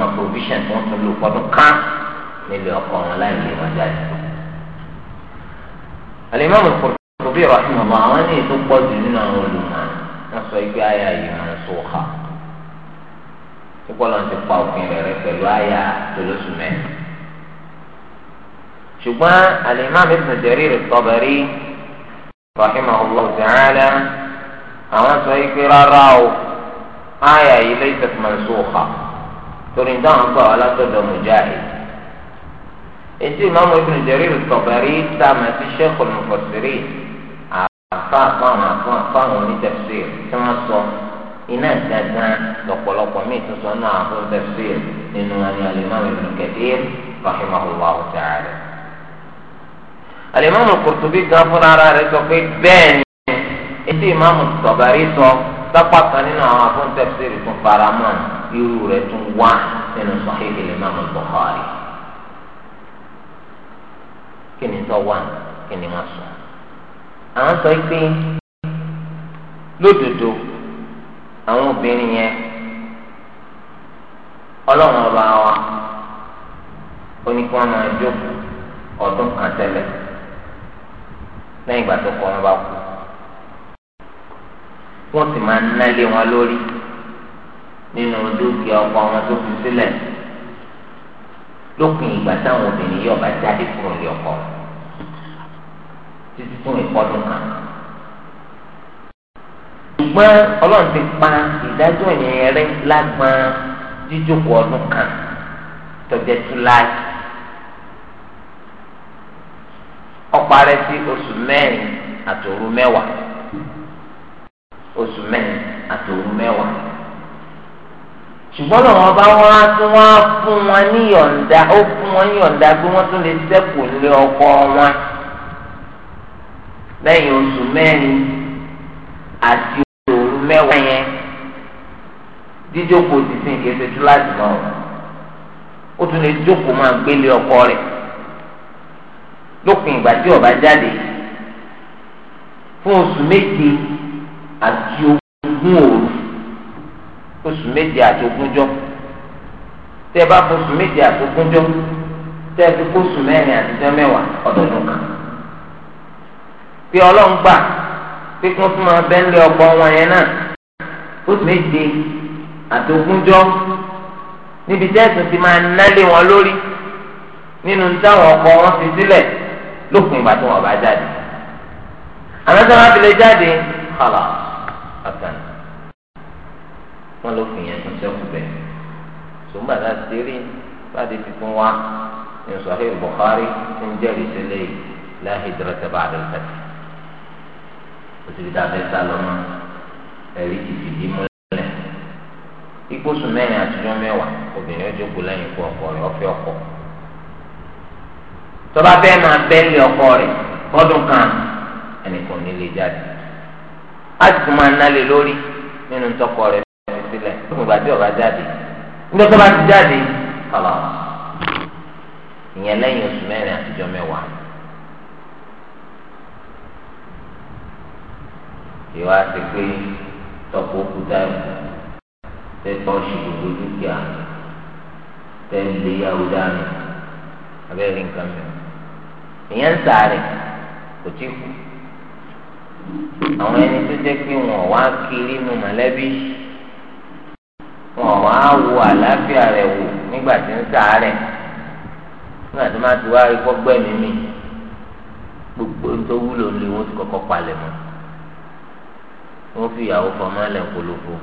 mọ provision tó ń tún lò fọdún kan níbi ọkọ wọn láì lè wọn jáde. bí alimami Qurtubi mọ àwọn tó pọ̀ jù nínú àwọn olùmọ̀ nínú àwọn olùmọ̀ máa ń sọ pé àyà yìí maa n sọ náà ti pa òfin rẹ̀ rẹ́ pẹ̀lú àyà tó lóṣù mẹ́rin ṣùgbọ́n mi alimami Ibn Jarir at-Tabari rahimahullah ta'ala àwọn sọ pé rárá o àyà yìí lè laysat ọ̀ka. torí dáhùn kọ́ alátọ́dọ̀ mujahid etí ìmáàmù ibn Jarir Tabari tá a máa ti Sheikhul Mufassirin àfa àfáwọn àfáwọn onítẹ̀sír tí wọ́n sọ iná dandan lọ́pọ̀lọpọ̀ míì tó sọ náà àfọ̀n tẹ̀sír nínú àní al-Imam Ibn Kathir rahimahullahu ta'ala. al-Imam Qurtubi gan fúnra ara rẹ̀ sọ pé bẹ́ẹ̀ ni etí ìmáàmù Tabari sọ lápá kan nínú àwọn àfọ̀n tẹ̀sír tún faramọ́ irú rẹ̀ tún wá nínú Sahih al-Imam al-Bukhari kí ni tó wà kí ni wọ́n sọ àwọn sọ pé lódodo àwọn obìnrin yẹn ọlọ́run ọba wa oníkó wọn máa ọdún kan tẹ́lẹ̀ lẹ́yìn ìgbà tó kọ́ wọn bá kú wọ́n sì máa nálé wọn lórí nínú dúkìá ọkọ wọn tó fi sílẹ̀ lópin ìgbà táwọn obìnrin yóò bá jáde kúrò ní ọkọ títí fún ìkọdún kan. ṣùgbọ́n ọlọ́run ti pa ìdájọ́ yẹn rẹ́ lágbọ́n jíjókòó ọdún kan tọ́jẹ́ túláì. ọparẹ́ sí oṣù mẹ́rin àtòru mẹ́wàá oṣù mẹ́rin àtòru mẹ́wàá. ṣùgbọ́n lọ́wọ́ bá wọ́n á tún wá fún wọn ní ó fún wọn ní bí wọ́n tún lè sẹ́kù lé ọkọ wọn lẹ́yìn oṣù mẹ́rin àti òru mẹ́wàá yẹn jíjókòó ti sìn láti mọ̀ ó tún lè jókòó máa ọkọ rẹ̀ lópin ìgbà tí jáde fún oṣù méje àti ogún òru. oṣù méje àti ogúnjọ́ tẹ́ bá fún oṣù méje àti ogúnjọ́ tẹ́ fi kó oṣù mẹ́rin àti jọ́ mẹ́wàá ọdọọdún kan pé Ọlọ́run gbà pé kí wọ́n tún máa bẹ́ ńlẹ̀ ọkọ wọn yẹn náà oṣù méje àti ogúnjọ́ níbi tẹ́sán ti máa nálé wọn lórí nínú táwọn ọkọ wọn fi sílẹ̀ lópin ìgbà tí wọn bá jáde àmọ́ tí wọn bá fi lè jáde kọlọ ọ̀sán wọn ló fìyẹn tó sẹ́kù bẹ́ẹ̀ sùgbọ́n náà sẹ́rí láti fi fún wa ní sahih Bukhari ń jẹ́rìí sílẹ̀ la hijrata ba'da al-fath òtún ìdá abẹ́ sá lọ́mọ ẹ̀rí ti fìdí múlẹ̀ igbósùn mẹ́rin àtijọ́ mẹ́wàá obìnrin ó jókòó lẹ́yìn ikú ọkọ rẹ̀ ọ̀fẹ́ ọkọ tọ́ba bẹ́ẹ̀ máa bẹ́ẹ̀lì ọkọ rẹ̀ kọ́dún kan ẹnìkan nílé jáde á sì tún máa nálé lórí nínú tọkọ rẹ̀ sílẹ̀ tó kò bá tí ọba jáde nígbà tó bá ti jáde kọlọ ìyẹn lẹ́yìn oṣù mẹ́rin àtijọ́ mẹ́wàá ìwà ti pé tọpọ òkúta tẹtọ ṣì gbogbo dúkìá tẹlẹyàwó dání abẹ́rẹ́ nǹkan mìíràn ìyẹn ń sáré kò tí kù àwọn ẹni tó jẹ́ pé wọ́n wá kiri nu mọ̀lẹ́bí. wọn wá wo àlàáfíà rẹ̀ wò nígbà tí ń ṣàárẹ̀ nígbà tí wọn ti wá ikọ gbogbo tó wúlò ní wọn ti kọ́kọ́ palẹ̀ wọn fi ìyàwó fọmọ ẹlẹ polówó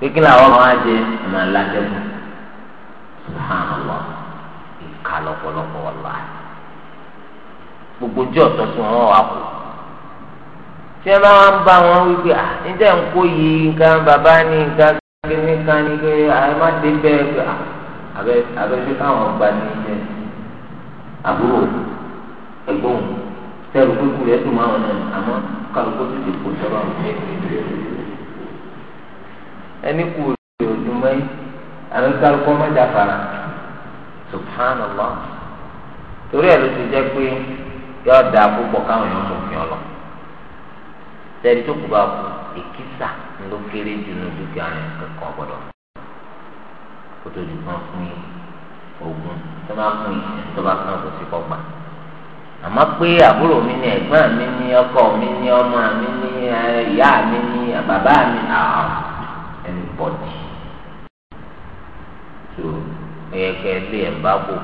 kékeré àwọn ọmọ wa jẹ ọmọ aládẹkùn subhanallah ìka gbogbo wọn tí ẹ bá wá ń bá wọn wípé à ah, níta ń kó yìí nǹkan bàbá ní nǹkan kékeré kan ní pé àyè má dé bẹ́ẹ̀ pé àbẹ àbẹ̀fí káwọn gba ní ilẹ̀ àbúrò ẹ̀gbọ́n tẹ́lu kúkú rẹ̀ dùn máa wọn àmọ́ kálukú ti dìbò sọ́rọ̀ ẹni kú rẹ̀ ò dùn mẹ́yìn àmì kálukú ọmọ ìjà fara subhanallah torí ẹ̀ ló ti jẹ́ pé yọ̀ọ́ da púpọ̀ káwọn yọ̀ sọ̀fin ọlọ́ọ̀ sẹ́ni tó kù bá kú èkìsà ló kéré jù ní dúkìá rẹ̀ kankan gbọ́dọ̀ kó tó di kan fún yín ogun tó bá fún yín tó bá kàn kó sí kọ́gbà àmọ́ pé àbúrò mi ni ẹ̀gbọ́n mi ni ọkọ mi ni ọmọ mi ni ìyá mi ni bàbá mi ni ẹni bọ̀dì tó ẹ̀yẹ kẹ́ lé ẹ̀ bá bò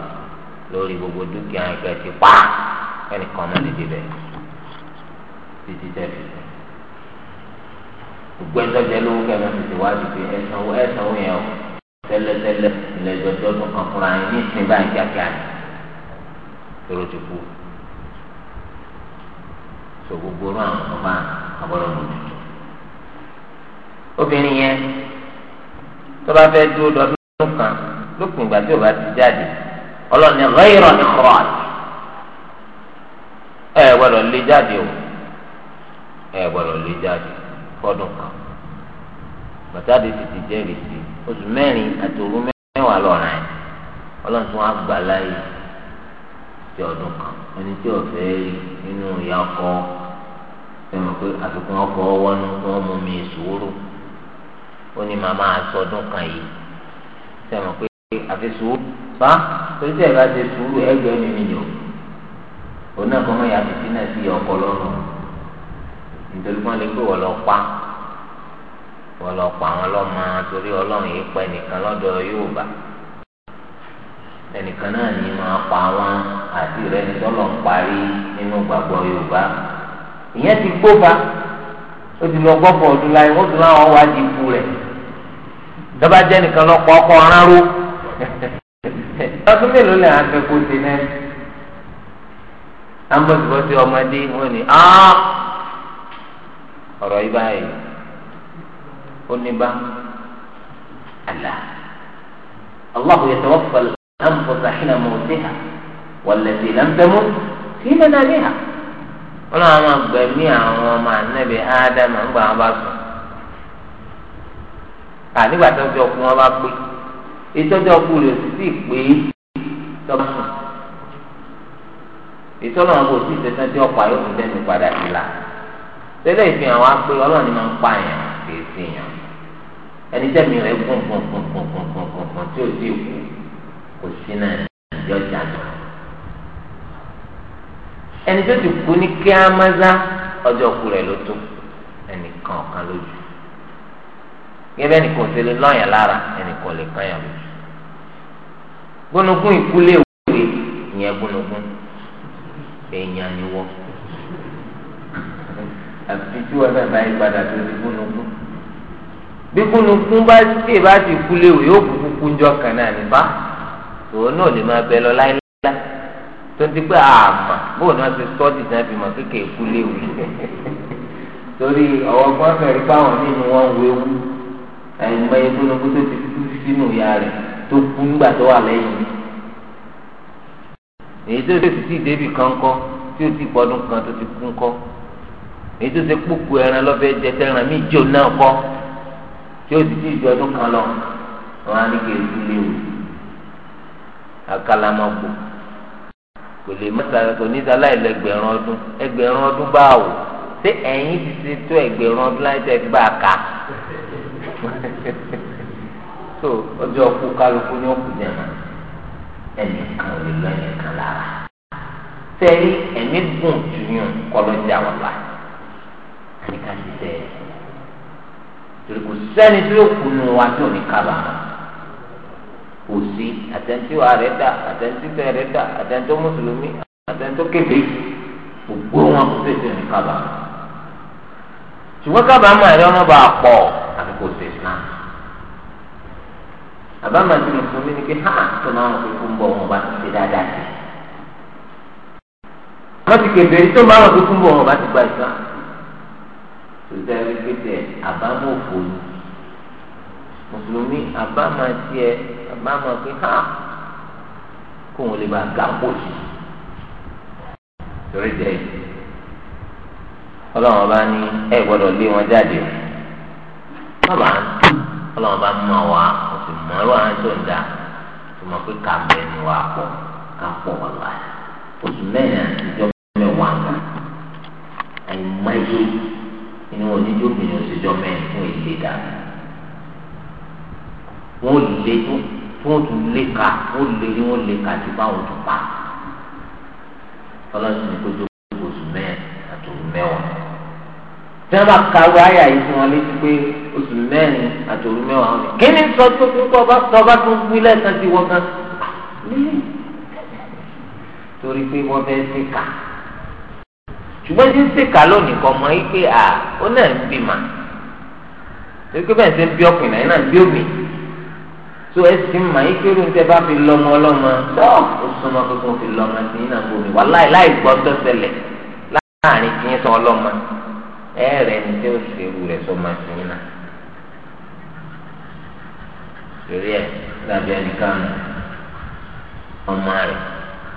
lórí gbogbo dúkìá ẹ̀kẹ́ ti pa ẹnìkan mọ́ nídìí bẹ́ẹ̀ títí tẹ́ gbogbo ẹjọ́ jẹ lówó kẹ́ ẹ máa tètè wájú pé ẹ̀sánwó ẹ̀sánwó yẹn o tẹ́lẹ̀tẹ́lẹ̀ ìlẹ̀jọ́ dọ́dún kan fúnra yín ní ìsìn báyìí kíákíá ni èrò ti kú so gbogbo ọ̀rọ̀ àwọn ọba àbọ̀rọ̀ mọ̀tútù obìnrin yẹn tó bá fẹ́ dúró dọ́dún kan lópin ìgbà tí ò bá ti jáde ọlọ́ni rẹ́yìnrọ̀ ni kọ́rọ̀ ẹ̀ gbọ́dọ̀ lé jáde o ẹ̀ lé jáde. fọdún kan bàtàdé sì ti jẹ́rìí sí oṣù mẹ́rin àti òru mẹ́wàá lọ́ràn ẹ̀ ọlọ́run tún á gbà ti ọdún kan ẹni tí ọ̀fẹ́ inú ìyá ọkọ fẹ́ràn pé àfikún nítorí wọn lè pé wọn lọ pa wọn lọ pa àwọn ọlọ́mọ torí yìí pa wọn àti rẹ ní tọ́lọ̀ ń parí nínú gbàgbọ́ ìyẹn ti gbóba ó ti lọ gbọ́pọ̀ ọdún láyé wọ́n tún láwọn wá di ikú rẹ̀ dọ́bà jẹ́ nìkan lọ́pọ̀ ọkọ̀ ọ̀rán ró ọdún mélòó lè hàn fẹ́ kó ti náà àmọ́ ìbọn ọmọdé ni ọ̀rọ̀ yìí báyìí ó ní bá àlà Allahu yatawaffal anfusa hina mawtiha wallati lam tamut fi manamiha wọn náà máa gbẹ̀mí àwọn ọmọ ànábì ádámà ńgbà wọn bá sùn à nígbà tó fi ọkùnrin wọn bá pé ìtọ́jú ọkùnrin rẹ̀ sì pé tọ́ba sùn ìtọ́lọ́wọ́n kò sí ìtẹ́sán tí ọkọ̀ ayọ́kùnrin dẹ́nu padà sí la. tẹ́lẹ̀ ìfihàn nwa pé ọlọ́run ni máa ń pa yàn kì í yàn ẹni tẹ́mi rẹ̀ gùn gùn gùn gùn gùn gùn gùn gùn tí ó sì kú kò sí náà ìjọ jàdùn ẹni tó ti kú ní kí á mọ́sá ọjọ́ kú ló tó ẹnìkan lójú ẹnì kò sí àfi tí wọn náà bá yí padà tó di kúnnukún bí kúnnukún bá tí ìbá ti kú léwu yóò kú kúkú ńjọ kan náà nípa òun náà lè máa bẹ lọ láéláé tó ti pé àmà bóun náà ti sọ́ọ̀dì náà fi mọ̀ kékeré kú léwu torí ọ̀wọ́ kan fẹ̀rí fáwọn nínú wọn ń wéwu àìmọ ìkúnnukún tó ti kú sínú ìyá rẹ̀ tó kú ńgbà tó wà lẹ́yìn èyí tó ti ti débi kankan tí ó ti gbọdún kan tó ti kú ńkọ́ èyí tó ṣe kpókù ẹran lọ́fẹ́ jẹtẹ ẹran mi jò náà kọ́ tí ó ti ti ju ọdún kan lọ wọn á ní kí èsì lé o àkàlàmọ́kù kò lè mọ́ta kò ní sálá ẹlẹgbẹ̀rún ọdún ẹgbẹ̀rún ọdún báwo ṣé ẹ̀yin ti ṣe tó ẹgbẹ̀rún ọdún láì tẹ́ gbà ká so ọjọ́ kú kálukú ní òkú jẹ̀ náà ẹnìkan ò lè lọ ẹnìkan lára sẹ́yìn ẹ̀mí gùn jù yàn kọ́ ló jẹ́ àwọn ní ká ti tẹ̀ torí kò sẹ́ni tí ó kunu wa tí ò ní kábà kò sí àtẹ̀ntíwá rẹ̀ dà àtẹ̀ntífẹ́ rẹ̀ dà àtẹ̀ntó mùsùlùmí àtẹ̀ntó kébé gbogbo wọn kò sí ètò ní kábà ṣùgbọ́n kábà máa rí ọ̀nà bá a pọ̀ àti kò sí Islam àbámọ̀ tí mùsùlùmí ni pé ha tó máa ń fi fún bọ̀ wọn bá ti ṣe dáadáa sí i wọ́n ti kébé tó máa ń fi fún bọ̀ wọn bá ti gba Islam sọdẹ́rì pété àbámọ̀ òfòlù mùsùlùmí àbámọ̀ tiẹ̀ àbámọ̀ pé ha kó wọn lè bá ga pòsì torí dẹ́ ọlọ́run ọba ní ẹ gbọ́dọ̀ lé wọn jáde bàbá ọlọ́run ọba mọ̀ wá oṣù mọ́rọ́ àwọn tó ń dà tó mọ̀ pé ká bẹ̀ ni wà pọ̀ ká pọ̀ wà láyà oṣù mẹ́rin àti ìjọba mẹ́wàá nǹkan àìmọye inú oníjókòó òṣèjọ mẹ́rin fún èlé dànù wọn ò lè tó wọn ò tún lè ka wọn ò lè ní wọn lè ka ju báwọn tún pa ọlọ́sìn ní kó jókòó oṣù mẹ́rin àti oṣù mẹ́wàá tí wọn bá karú àyà yìí fún wọn létí pé oṣù mẹ́rin àti oṣù wọn kí ni sọ pé kí tọba tó wí lẹ́sàn-án ti wọ́n kan torí pé wọ́n fẹ́ẹ́ ti kà ṣùgbọ́n tí ń ṣèkà lónìí kan mọ yìí pé à ó náà ń bí mà torí pé bẹ́ẹ̀ ṣe ń bí ọkùnrin náà náà ń bí òbí tó ẹ sì ń mà yìí pé lóúnjẹ bá fi lọ́mọ ọlọ́mọ tó ó súnmọ́ pé kó fi lọ́mọ sí iná gbòmí wà láì láì gbọ́ tó ṣẹlẹ̀ láàrin kí n sọ ọlọ́mọ ẹ rẹ ni tí ó ṣe ewu rẹ sọ ma sí iná torí ẹ lábẹ́ ẹnìkan ọmọ rẹ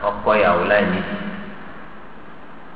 ọkọ ìyàwó láì nídìí.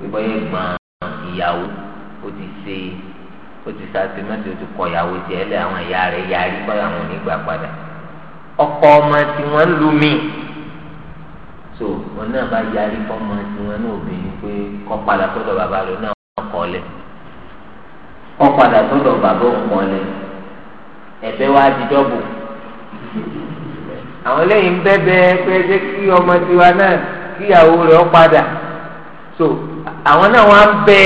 bíbọ́ yẹn gbọ́n ìyàwó ó ti ṣe ó ti ṣàṣe mọ́tò ó ti kọ ìyàwó jẹ́ lé àwọn ìyá rẹ̀ yarí kọ́ àwọn onígbà padà ọkọ ọmọ tí wọ́n lù mí so wọn náà bá yarí fọmọ tí wọ́n náà obìnrin pé kọ́ padà sọ́dọ̀ bàbá rẹ̀ náà kọ́ lẹ̀ kọ́ padà sọ́dọ̀ bàbá òun kọ́ lẹ̀ ẹ̀bẹ̀ wa di dọ́bù àwọn eléyìí ń bẹ́ẹ̀ bẹ́ẹ̀ pé ṣé kí ọmọ tiwa náà kíyàwó rẹ̀ ó padà so àwọn náà wọn á bẹ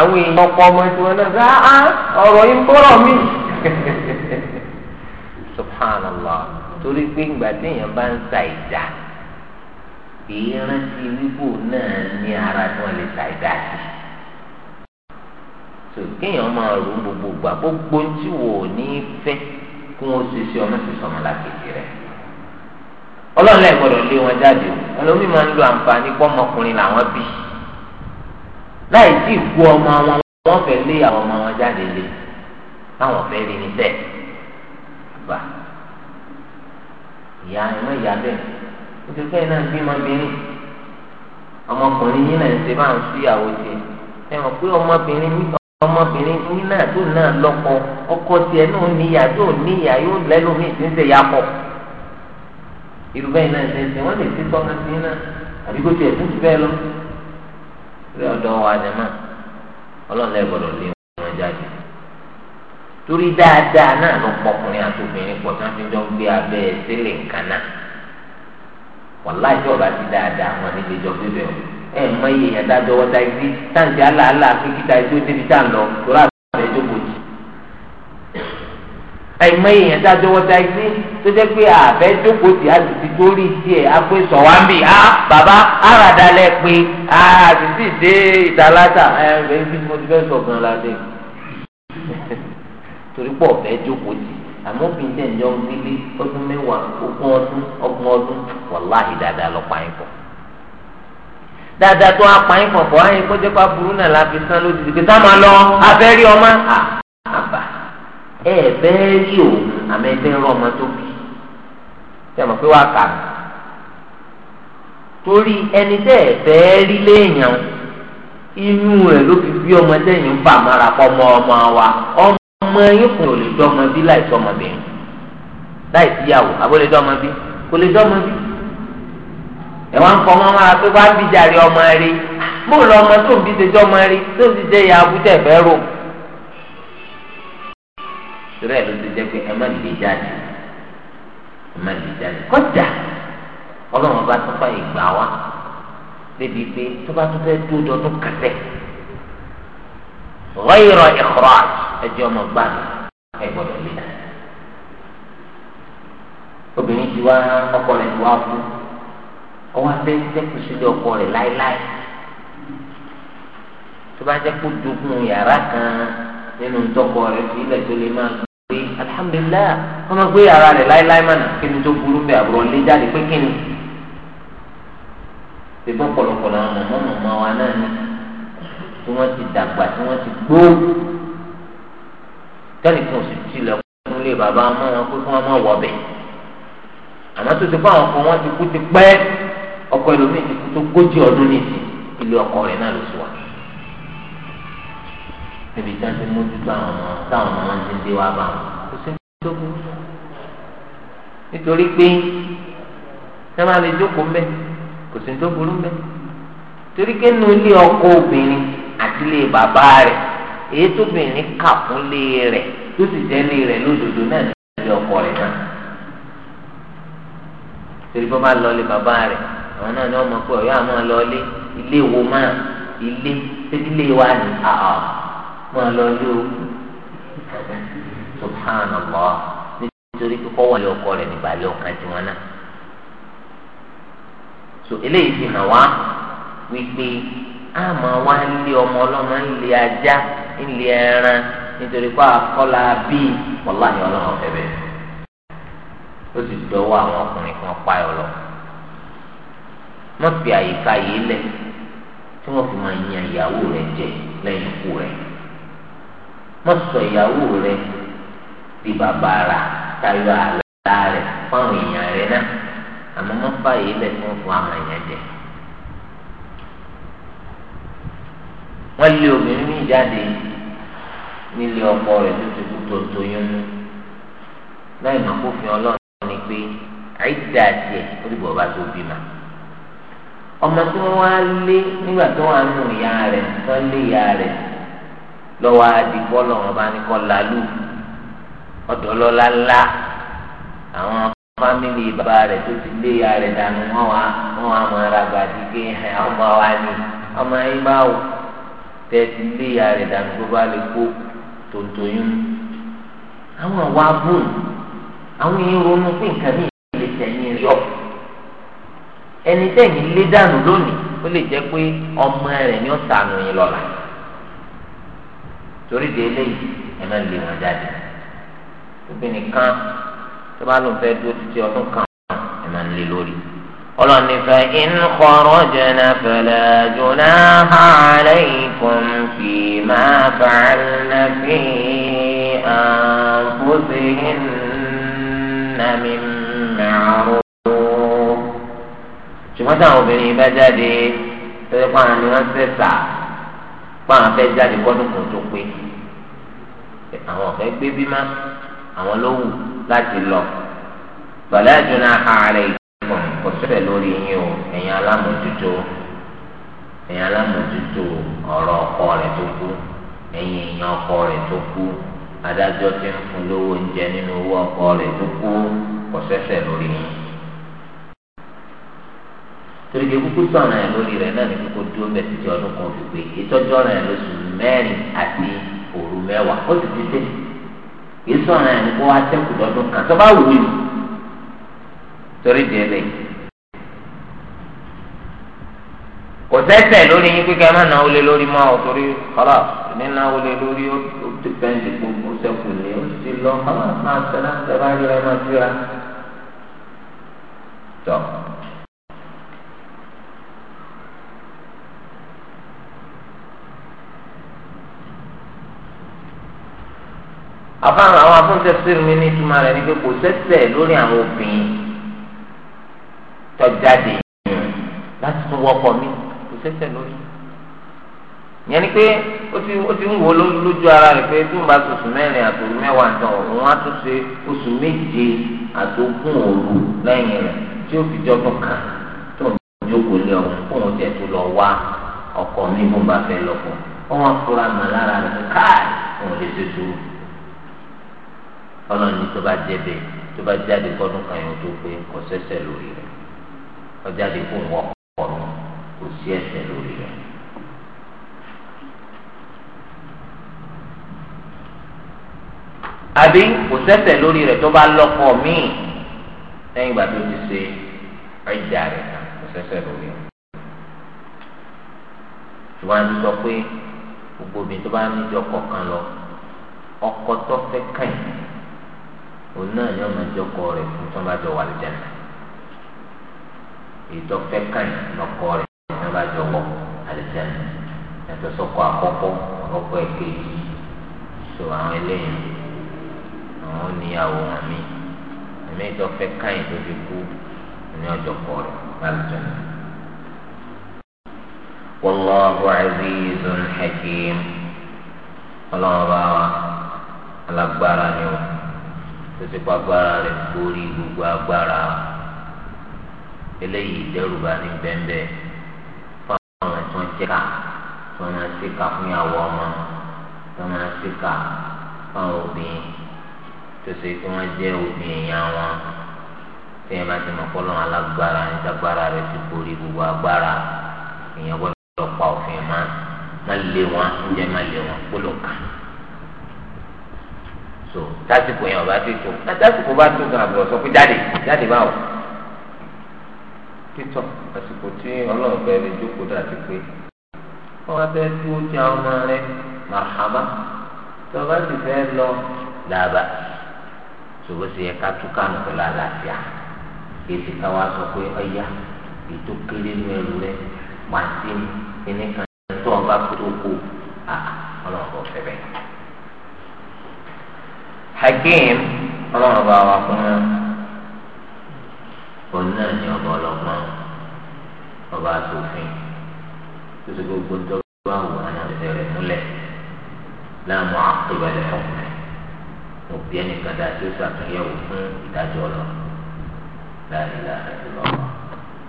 àwọn èèyàn ọkọ ọmọ ẹtù wọn náà sá á ah, ah, yìí ń bọrọ mi. subhanallah torí pé ìgbà téèyàn bá ń sa ìdá èyí rántí wíwò náà ní ara tí wọn lè sa ìdá sí tò kéèyàn máa rò gbogbo gbà gbogbo tí wò ní fẹ́ kí wọn ṣe ṣe ọmọ ṣe sọmọ lákejì rẹ ọlọ́run lẹ́gbọ̀dọ̀ lé wọn jáde ọlọ́run mi máa ń lo àǹfààní pọ́mọkùnrin làwọn bí i. láì tí ìkú ọmọ wọn wọn fẹ́ lé àwọn ọmọ wọn jáde lé táwọn fẹ́ rí ní sẹ àgbà ìyá ẹmọ ìyá bẹ́ẹ̀ o ti fẹ́ náà bímọ bínrin ọmọkùnrin yín náà ń ṣe máa ń sí ṣe pé ọmọbìnrin mi ọmọbìnrin yín náà tó náà ọkọ tiẹ̀ náà níyà tó níyà yóò mi ti ń ṣe irú pé ọ̀dọ́ wa ni mọ̀ ọlọ́ọ̀lẹ́ gbọ́dọ̀ lé wọn jáde torí dáadáa náà ló pọkùnrin àti obìnrin tí fi jọ ń gbé abẹ́ sílẹ̀ nǹkan náà wàláì tí ọba ti dáadáa wọn níbi ẹ mọ iye yẹn ibi táǹtì aláàlá pé kíta lọ ẹ̀mọ èèyàn tá a jọwọ́ ta sí tó jẹ́ pé àbẹ́ jókòó tí a sì ti dórí tiẹ̀ a pé sọ̀wáńbì á bàbá àràdálẹ̀ pé a sì sì dé ìdálátà ẹ̀ ẹ̀ bí mo ti fẹ́ sọ gan la dé torí pọ̀ bẹ́ẹ̀ jókòó tì àmọ́ obìnrin tẹ̀ ń jọ ń gbélé ọdún mẹ́wàá ogún ọdún ọgbọ̀n ọdún wàláhì dáadáa lọ pààyàn pọ̀ dáadáa tó apààyàn pọ̀ pọ̀ ayé kó jẹ́ pé náà la sán lójijì ẹ ẹ fẹ́ rí òun àmọ́ ẹ fẹ́ ọmọ tó bí ṣe mọ̀ pé wàá kà á torí ẹni tẹ́ ẹ fẹ́ rí léèyàn inú rẹ̀ ló fi bí ọmọ bà mára ọmọ ọmọ wa ọmọ yín kò lè dọ́mọ bí láìsọ ọmọbìnrin láìsíyàwó àbólé dọ́mọ bí kò lè dọ́mọ bí kọ́ ọmọ máa pé wá bíjà rí ọmọ rí bóòlù ọmọ tó ń bí ṣe rí torí ẹ̀ ló ti jẹ́ pé ẹ má lè jáde ẹ má lè jáde kọjá ọlọ́run bá tó fàyè gbà wá débi pé tó bá tó fẹ́ dúdọ tó kàtẹ́ ghayra ikhraj ẹjọ́ ọmọ gbà ẹ gbọ́dọ̀ lé dà obìnrin ti wá ọkọ rẹ̀ ti wá kú ọwọ́ abẹ́ sẹ́kù sílé ọkọ rẹ̀ láéláé tó bá jẹ́ kó dogun yàrá kan nínú ntọ́kọ rẹ̀ sílẹ̀ tó lè máa alihamudulilayi wọn máa gbé ara rẹ láéláé mọ̀nà kí ni tó burú bẹ́ẹ̀ àbúrò lé jáde pé kí ni. ṣèbọ̀ pọ̀lọpọ̀ làwọn mọ̀mọ́ mọ̀mọ́ wa náà ni tí wọ́n ti dàgbà tí wọ́n ti gbó tẹ́lifíṣàn sì tilẹ̀ fún ilé bàbá mọ́ wọn pé kí wọ́n máa wọ̀ bẹ́ẹ̀ àmọ́ tó ti fún àwọn kan wọ́n ti kú ti pẹ́ ọkọ ẹlòmíì ti kú tó gójì ọdún nìyí ilé ọkọ rẹ̀ náà ló sọ wá níbi tí wọ́n ti mójútó àwọn ọmọ táwọn ọmọ wọn ti dé wá bá wọn dógún nítorí pé ẹ máa lè jókòó mbẹ kò sí tó burú mbẹ torí pé nínú ilé ọkọ obìnrin àti ilé bàbá rẹ̀ èyí tóbìnrin kà fún ilé rẹ̀ tó sì jẹ́ ilé rẹ̀ lódodo náà ní ilé ọkọ rẹ̀ náà torí bó bá lọ ilé bàbá rẹ̀ àwọn náà ní ọmọ pé ọyọ àmọ lọ ilé ilé wo máa ilé tẹ́tílé wa ni àá lọ ilé o. subhanallah nítorí kíkọ́ wọlé ọkọ rẹ̀ nígbà lé ọkàn tí wọn náà so eléyìí fi hàn a máa wá ọmọ ọlọ́mọ ńlẹ̀ ajá aja ẹran nítorí pé àkọ́lá bíi wọ́lá ni ọlọ́run fẹ́ ó sì dọ́wọ́ àwọn ọkùnrin kan lọ àyíká yìí lẹ̀ tí wọ́n fi máa yan ìyàwó rẹ̀ jẹ lẹ́yìn ikú rẹ̀ ìyàwó ti bàbá rà tayọ àlá rẹ̀ fáwọn èèyàn rẹ̀ náà àmọ́ wọ́n fààyè lẹ̀ fún fún àwọn èèyàn jẹ. wọ́n lé obìnrin ní ìjáde nílé ọkọ rẹ̀ tó ti kú tó tóyún mú láì máa kófin ọlọ́run ni pé àìdá tiẹ̀ ó ti bọ̀ bá tó bímọ ọmọ tí wọ́n wá lé nígbà tó wà nù ìyá rẹ̀ tó lé ìyá rẹ̀ lọ́wọ́ adigbọ́lọ̀ wọn bá ní kọ́ lálùú ọ̀dọ̀ lọ́la ńlá àwọn fámìlì bàbá rẹ̀ tó ti lé ìyá rẹ̀ dànù wọn wá wọn wá mọ ara gbàdí pé ọmọ wa ni ọmọ yín bá wò tẹ́ ti lé ìyá rẹ̀ dànù tó bá lè kó tòǹtòyún àwọn àwa bùn àwọn yìí ronú pé nǹkan ní ìlú tẹ̀yìn yọ ẹni tẹ̀yìn lé dànù lónìí ó lè jẹ́ pé ọmọ rẹ̀ ni ó sànù yín lọ́la torí de eléyìí ẹ máa lè wọn jáde obìnrin kan tó bá lòun fẹ́ dúró títí ọdún kan ẹ máa ń lé lórí. ọlọ́ni fẹ́ ìnkọ̀rọ̀ jẹ̀nà fẹ̀lẹ̀ jùlọ àlẹ́ ìkùn fi máa fàánà fi àǹfóṣìhìn nàmì mẹ́rù. ṣùgbọ́n táwọn obìnrin bá jáde tẹ́lẹ̀ pààrọ̀ ni wọ́n ṣẹ̀ sà pààrọ̀ fẹ́ jáde kọ́dún kan tó pé àwọn ọ̀fẹ́ gbé bí àwọn ló wù láti lọ gbàlẹ́ àjùnà ààrẹ ìkọ̀ọ̀kan kò sẹ́fẹ̀ lórí yín o ẹ̀yin alámòjútó ẹ̀yin alámòjútó ọ̀rọ̀ ọkọ rẹ̀ tó kú ẹ̀yin èèyàn ọkọ rẹ̀ tó kú adájọ́ ti ń fún lówó oúnjẹ nínú owó ọkọ rẹ̀ tó kú kò sẹ́fẹ̀ lórí yín torí kúkú sọ̀rọ̀ ẹ̀ lórí rẹ̀ náà ní kókó dúró bẹ́ẹ̀ títí ọdún kan fi pé ìtọ́jú ọ̀rọ̀ ẹ̀ lóṣù mẹ́rin àti òru mẹ́wàá ó sì ti tẹ̀lé kì í sọ̀rọ̀ ẹni kó wá sẹ́kù lọ́dún kan tó bá wù mí torí di ẹlẹ́yìn. kò sẹ́sẹ̀ lórí yín kíkẹ́ má náwó lé lórí mọ́ ọ torí kọ́lá ní náwó lé lórí ó ti pẹ́ǹtì gbogbo sẹ́kù lé ó lọ kọ́lá máa tẹ̀lé àtẹ̀lé àyẹ̀wò ẹ̀ máa fi ra. àbáwọn àwọn afúnṣẹ́sẹ́rù mi ní ìtumọ̀ rẹ̀ ni pé kò sẹ́sẹ̀ lórí àwọn obìnrin tọ́jáde láti tún wọ́pọ̀ mi kò sẹ́sẹ̀ lórí. ìyẹn ni pé ó ti ó ti ń wo lójú ara rẹ̀ pé tí mo bá oṣù mẹ́rin àtòrú mẹ́wàá tán òun á tún ṣe oṣù méje àtògún òru lẹ́yìn rẹ̀ tí ó fi jọ́dún kan tó ń jókòó lé ọ̀hún fún òun jẹ́ tó lọ wá ọkọ mi mo bá fẹ́ lọ́kọ̀ wọ́n wá màlára rẹ̀ káà ọlọ́run ní tó bá jẹ́ bẹ́ẹ̀ tó bá jáde kọ́dún kan yẹn tó pé kò sẹ́sẹ̀ lórí rẹ̀ ọjáde kó wọ́n kọ̀ọ̀rọ̀ kò sí ẹsẹ̀ lórí rẹ̀. àbí kò sẹ́sẹ̀ lórí rẹ̀ tó bá lọ́kọ míì lẹ́yìn ìgbà tó ti ṣe ẹ̀já rẹ̀ kò sẹ́sẹ̀ lórí rẹ̀. ṣùgbọ́n a ti sọ pé gbogbo obìnrin tó bá ní ìjọ kọ̀ọ̀kan lọ ọkọ tó fẹ́ kàn yín òun náà ni ọmọ ìjọkọ rẹ̀ fún tí jọ wà lẹ́jẹ̀ náà èyí fẹ́ kàn lọ́kọ rẹ̀ tí wọ́n bá jọ wọ̀ àlẹ́jẹ̀ náà yàtọ̀ sọ́kọ àkọ́kọ́ ọkọ ẹ̀kejì so àwọn eléyìí àwọn oníyàwó wọn mi ẹ̀mí ìjọ fẹ́ kàn tó fi kú ní ọjọ́ kọ rẹ̀ lálùjọ́ náà. والله عزيز حكيم الله أكبر على tètè pa agbára rẹ̀ borí gbogbo agbára eléyìí dẹ́rùbà ní bẹ́ńbẹ́ fún àwọn tí wọ́n jẹ́ ká tí wọ́n máa ń ṣèkà fún ìyàwó ọmọ tí wọ́n máa ń ṣèkà fún àwọn obìnrin tó ṣe kí wọ́n jẹ́ obìnrin ìyá wọn tí wọ́n bá ti mọ̀ kọ́ lọ́wọ́ alágbára ní agbára rẹ̀ ti borí gbogbo agbára èèyàn gbọ́dọ̀ pa òfin máa má lé wọn ń jẹ́ má lé wọn gbọ́dọ̀ kàn so tásìkò yẹn ọba ti tó tásìkò bá tó gan àbúrò sọ pé jáde jáde báwo títọ àsìkò tí ọlọ́run lè jókòó dà ti pé wọn bẹ tó ti àwọn ọmọ rẹ màhámà tọba sì fẹ lọ dàbà ṣòwò sì yẹ ká tú pẹ̀lú àlàáfíà èsì ká wá sọ pé ọyá ètò kéré nu ẹrù rẹ pàṣẹ kíní tó ọba kótó kó ọlọ́run kò fẹ́ bẹ́ẹ̀ hakeem ọlọ́run bá wa fún un òun náà ni ọba ọlọ́gbọ́n ọba àtòfin tó ti gbogbo ń tọ́jú bá wù wọn náà fẹ́ rẹ̀ múlẹ̀ láàmú àpèwẹ̀lẹ̀ ọkùnrin mo bí ẹnìkan dá tó ṣàtúnyẹ̀wò fún ìdájọ́ lọ láàrin láàrin lọ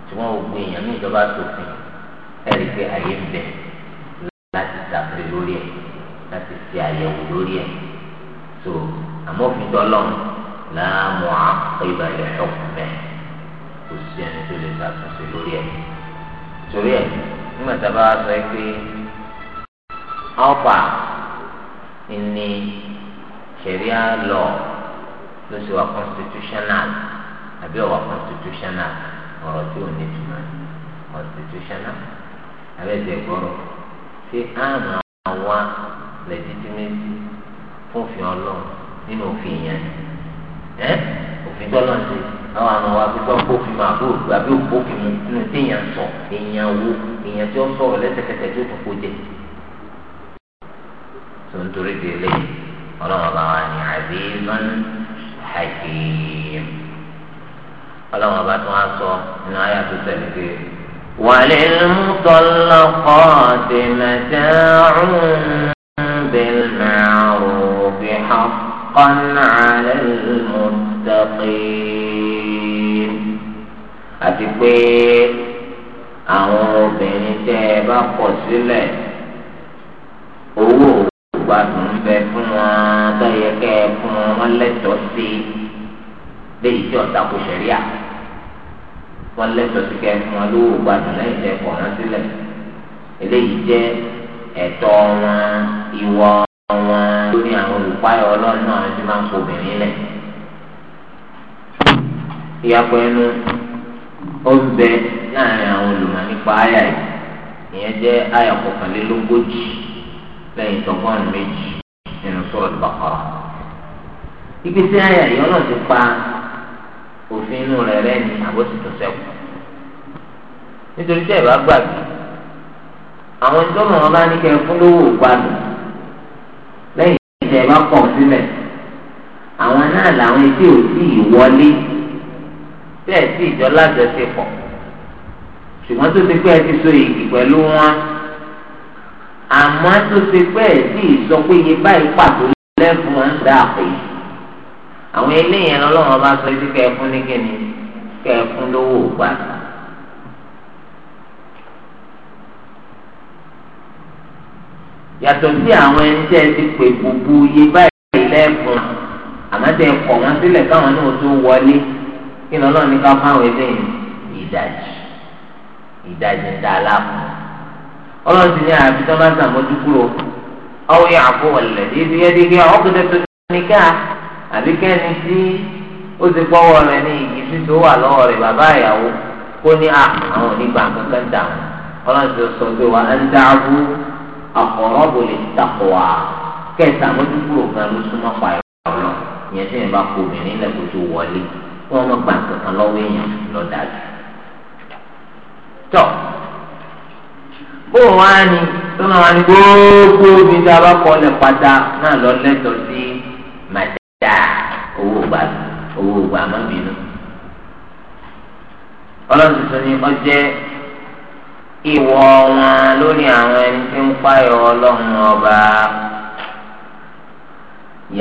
tí wọ́n gbé èèyàn ní ìjọba àtòfin ẹ̀rí pé àyè ń bẹ láti tàbí lórí ẹ̀ láti ṣe àyẹ̀wò lórí ẹ̀ so àmófin tọ́lọ́n láàmú àkọ́yìbàlẹ̀ ọ̀kùnrin kò sí ẹni tó lè ṣàtúnṣe lórí ẹ̀ torí ẹ̀ nígbà tá a bá sọ pé ọ̀pá ni ṣẹ̀ríà lọ ló ṣe wà constitutional àbí ọ̀wà constitutional ọ̀rọ̀ tí ò ní túmọ̀ constitutional abẹ́tẹ̀ gbọ́rọ̀ ṣé àmà wa legitimacy fún òfin ọlọ́run nínú òfin yẹn ẹ òfin tọ́lọ́ ṣe àwọn àna wa pípọ́ kófin máa bó òkú àbí òkú òfin mu nínú tí èèyàn sọ èèyàn wo èèyàn tí ó sọ̀rọ̀ lẹ́sẹ̀kẹsẹ̀ tí ó tún kó jẹ. tó di eléyìí ọlọ́run ọba wa ní àdéhùn hakim ọlọ́run ọba tó wá sọ nínú ayé àtúntẹ̀ nígbè. وللمطلقات متاع بالمعروف حقا على المتقين àti pé àwọn obìnrin tẹ́ ẹ bá kọ̀ sílẹ̀ owó gbádùn ń bẹ fún wọn bẹ́ẹ̀ kẹ́ ẹ fún wọn wọn sí i léyìí tí ọ̀tá kò ṣẹ̀ríà wọn lẹ́tọ̀ọ́ sí kẹ́ ẹ fún wọn lówó gbádùn lẹ́yìn tẹ́ ẹ kọ̀ wọn sílẹ̀ eléyìí jẹ́ ẹ̀tọ́ wọn ìwọ ìpayọ̀ ọlọ́run náà ti máa ń kó obìnrin lẹ̀. ìyàpọ̀ ẹnu ó ń bẹ láàrin àwọn olùmọ̀ nípa àyà yìí ìyẹn jẹ́ àyà kọkànlélógójì lẹ́yìn tọ́gbọ́n méjì nínú sọ́ọ̀tù bàkàrà. ibi tí àyà yìí ọlọ́run ti pa òfin inú rẹ̀ rẹ́ ni àbó ti tún sẹ́kù. nítorí tẹ́ ẹ̀ bá gbàgbé àwọn ìjọba wọn bá ní kẹ́ fún lówó gbàdùn ìjẹ́ bá pọ̀ sílẹ̀ àwọn náà làwọn etí ò tí ì wọlé bẹ́ẹ̀ tí ìjọ lájọṣepọ̀ ṣùgbọ́n tó ti pẹ́ ti so ìgì pẹ̀lú wọn àmọ́ tó ti pẹ́ tí ìsọ pé iye báyìí pàtó lẹ́fún wọn ń dà pé àwọn eléyìí ẹ̀rọ ọlọ́run ọba sọ ibi kẹ́ẹ̀fún ní kíni kẹ́ẹ̀fún lówó gbàgbà. yàtọ̀ sí àwọn ẹni tẹ́ ẹ ti pè gbogbo iye báyìí lẹ́ẹ̀kan àmọ́ tẹ́ ẹ kọ̀ wọ́n sílẹ̀ káwọn náà tó wọlé kí ni ọlọ́run ní ká fáwọn eléyìí ìdajì ìdajì ń da aláàfin ọlọ́run ti ní àbí tó máa ń sàmójú kúrò ọwọ́ yẹn àpò wọlé ibi yẹn di kí ọkùnrin tó ní ká àbí kẹ́ni tí ó ti pọ́wọ́ rẹ̀ ní ìyí tí tó wà lọ́wọ́ rẹ̀ bàbá ìyàwó kó ní ah, àwọn onígbà kankan dà wọ́n ọlọ́run ti sọ pé wà á akọrọbù lè takọ wa kẹta mójú kúrò kan ló súnmọ́ pa ẹ̀rọ lọ ìyẹn tí yẹn bá kó obìnrin lẹ́kọ̀ọ́ tó wọlé kí wọ́n má gbà kankan lọ́wọ́ èèyàn lọ́dà jù. tọ́ bó wá ní tó náà wá ní gbogbo omi tá a bá kọ́ lẹ̀ náà lọ lẹ́tọ̀ọ́ sí màdá owó gbà owó gbà má bínú. ọlọ́run tuntun ni ọ ìwọ wọn lórí àwọn ẹni tí ń páyọ ọlọ́run ọba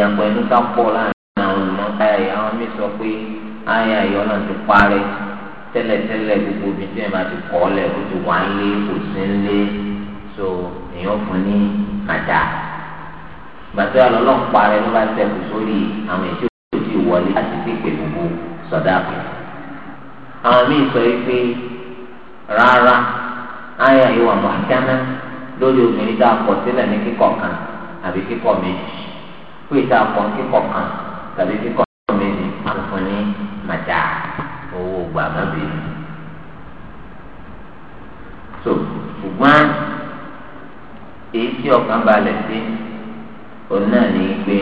ẹni ká láàrin àwọn sọ pé ayé ayọ̀ náà ti parí gbogbo ibi tí ẹ̀ ti kọ́ lẹ̀ wà ńlé kò sí ńlé so èèyàn fún ní gbàtí parí ló bá sórí àwọn wọlé gbogbo àwọn sọ yìí pé àyà ìwà mọ̀tánà lórí obìnrin tá a kọ̀ sílẹ̀ ní kíkọ̀ kan àbí kíkọ̀ méjì fún ìta kọ̀ kíkọ̀ kan tàbí kíkọ̀ méjì àfún ní màjà owó gbà má so ṣùgbọ́n èyí tí ọkàn balẹ̀ sí òun náà ní pé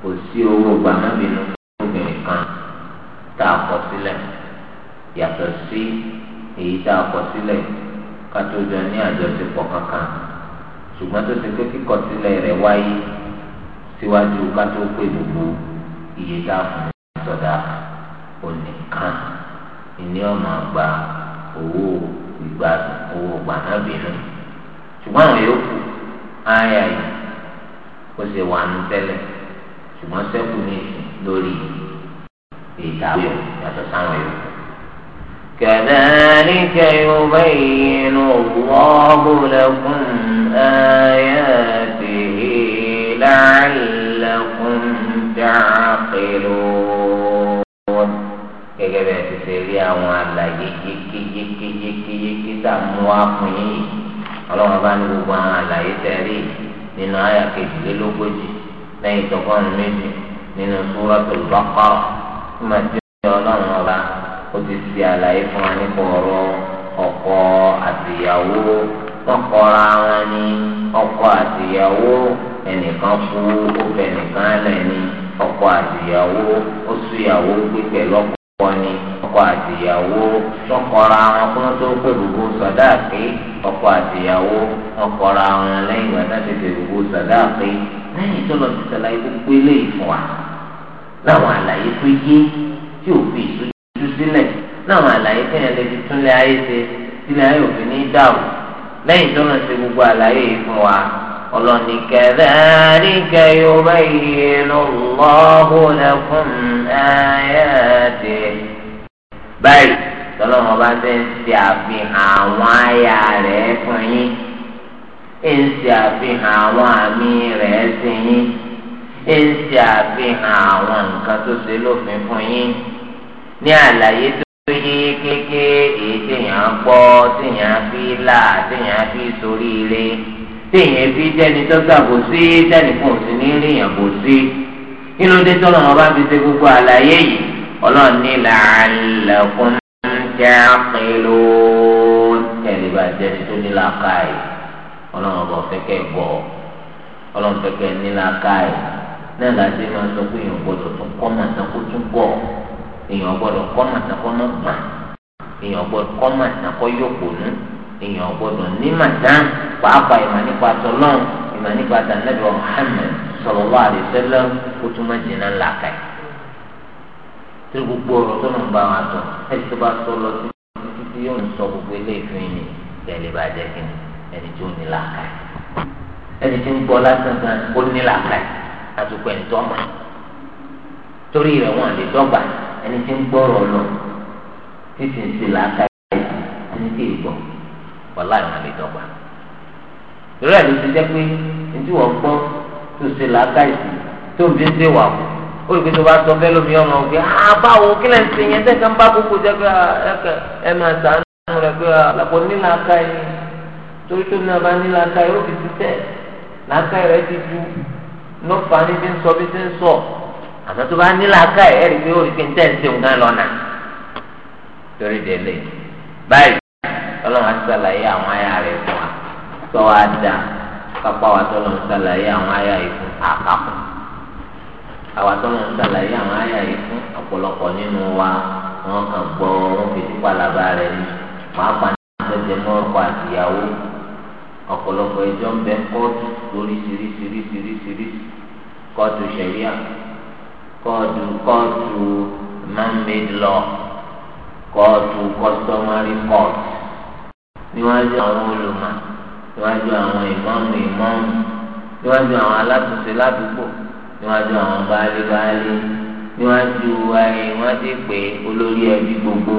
kò sí owó gbà má bínú fún obìnrin kan tá a kọ̀ sílẹ̀ yàtọ̀ sí èyí tá a kọ̀ sílẹ̀ yìí kátójọ ní àjọṣepọ̀ kankan ṣùgbọ́n tó ti pé kíkọ̀ sílẹ̀ rẹ̀ wáyé síwájú kátó pé gbogbo iye dáàbò sọ̀dá onìkan ìní ọ̀nà gba owó ìgbà owó gbanábìínú ṣùgbọ́n àwọn yòókù áyà yìí ó ṣe wà ní tẹ́lẹ̀ ṣùgbọ́n sẹ́kù ní lórí ìdáwọ̀ yàtọ̀ sáwọn yòókù. كذلك يبين الله لكم آياته لعلكم تعقلون gẹ́gẹ́ bẹ́ẹ̀ ti ṣe rí àwọn àlàyé yékéyékéyékéyéké tá a mú wá fún yín ọlọ́run bá ní gbogbo àwọn àlàyé tẹ̀ rí nínú àyà kejìlélógójì lẹ́yìn tọkọ́rùn méjì nínú súrọ́tò lọ́kọ́ fún àti ọlọ́run ọba ó ti fi àlàyé fún wa nípa ọ̀rọ̀ ọkọ àtìyàwó wọ́n kọra wọn ní ọkọ àtìyàwó ẹnìkan kú ó fẹ́ nìkan lẹ̀ ní ọkọ àtìyàwó ó súyàwó pípẹ́ lọ́kọ ni ọkọ àtìyàwó wọ́n kọra wọn kó tó pé gbogbo sọ̀dáàkì ọkọ àtìyàwó wọ́n kọra wọn lẹ́yìn ìgbà náà tètè gbogbo sọ̀dáàkì lẹ́yìn tó lọ sí sọ̀dáàkì gbogbo eléyìí fún wa láwọn àlàyé tó yé tí òfin ìtú sílẹ̀ láwọn àlàyé fẹ́yàn lè fi túnlẹ̀ ayé ṣe sílẹ̀ ayé òfin ní lẹ́yìn tó náà ṣe gbogbo àlàyé yìí fún wa ọlọ́ni kadhalika lọ Allahu lakum ayatihi. báyìí tọ́lọ́mọ bá fẹ́ ń ṣe àfihàn àwọn àyà rẹ̀ fún yín ń ṣe àfihàn àwọn àmì rẹ̀ sí yín ń ṣe àfihàn àwọn nǹkan tó ṣe lófin fún yín. ní àlàyé tó yé kéèké èyí téèyàn gbọ́ téèyàn fi là téèyàn fi sórí ire téèyàn fi jẹ́ni tó gbàgbó sí jẹ́ni kò sí ní ríyàn bó sí kí ló dé tọ́lọ̀ wọn bá fi ṣe gbogbo àlàyé yìí ọlọ́run ní làálẹ̀kùn jẹ́ àpèlò kẹ́lẹ́ bá jẹ́ni tó ní làákàyè ọlọ́run ọba ọ̀fẹ́ kẹ́ ọlọ́run fẹ́ ní làákàyè náà láti máa sọ pé èèyàn tó kọ́ màtá kó tún bọ̀ èèyàn gbọ́dọ̀ kọ́mà nàkọ́ mọ́ gbà èèyàn gbọ́dọ̀ kọ́mà nàkọ́ yọ̀kùnú èèyàn gbọ́dọ̀ nímàdá pàápàá ìmọ̀ nípa tọ́lọ́n ìmọ̀ nípa tànẹ́bọ̀ Muhammad sallallahu alaihi wasallam kó tó má jìnnà làákà yìí. tí gbogbo ọ̀rọ̀ tó ń bá wa sọ ẹni tó bá sọ lọ sí títí tí yóò sọ gbogbo eléyìí ni ìyẹlẹ bá jẹ kí ẹni tó ní làákà yìí ẹni tí ń gbọ́ lásán gan ó ní làákà yìí àtúkọ̀ ẹni tó mọ̀ torí rẹ̀ wọ́n lè dọ́gba ẹni tí ń gbọ́rọ̀ lọ títí ń ṣe làákà yìí ẹni tí ì gbọ́ wàhálà wọ́n lè dọ́gba torí ẹ̀ ló ti jẹ́ pé ní tí wọ́n gbọ́ tó ṣe làákà yìí tó ń bí ń ṣe wà kù olùkọ́ tó bá sọ bẹ́ẹ̀ lómi ọmọ òkè àbáwo ah, kí lẹ́ ń ṣe yẹn sẹ́kàn bá kókó jẹ́ pé ah, ẹ máa sàánú rẹ̀ pé àlàpọ̀ nílà ká yìí torí tó náà bá nílà ká yìí ó fi ti tẹ̀ làákà rẹ̀ ti ju àmọ́ tó bá nílò aká ẹ̀ ẹ̀rí pé ó rí pé ń tẹ̀sí òun gan lọ́nà torí délé báyìí ọlọ́run á ṣàlàyé àwọn àyà rẹ̀ fún wa sọ wá dà kápá wa tó lọ́n ṣàlàyé àwọn àyà yìí fún àkàkùn àwa tó lọ́n ṣàlàyé àwọn àyà yìí fún ọ̀pọ̀lọpọ̀ nínú wa wọn kàn gbọ́ wọn fi tipa làbá rẹ̀ ni wọn á pa àtẹ̀jẹ̀ mọ́ ọkọ̀ àtìyàwó ọ̀pọ̀lọpọ̀ ẹjọ́ ń bẹ kóòtù lóríṣiríṣiríṣiríṣiríṣi kóòtù ṣẹ̀ríà kóòtù kóòtù man-made law kóòtù customary court níwájú àwọn olùmọ̀ níwájú àwọn ìmọ̀ọ́mù ìmọ̀ọ́mù níwájú àwọn alátùsí ládùúgbò níwájú àwọn baálé baálé níwájú ayé wọn ti pè olórí ẹbí gbogbo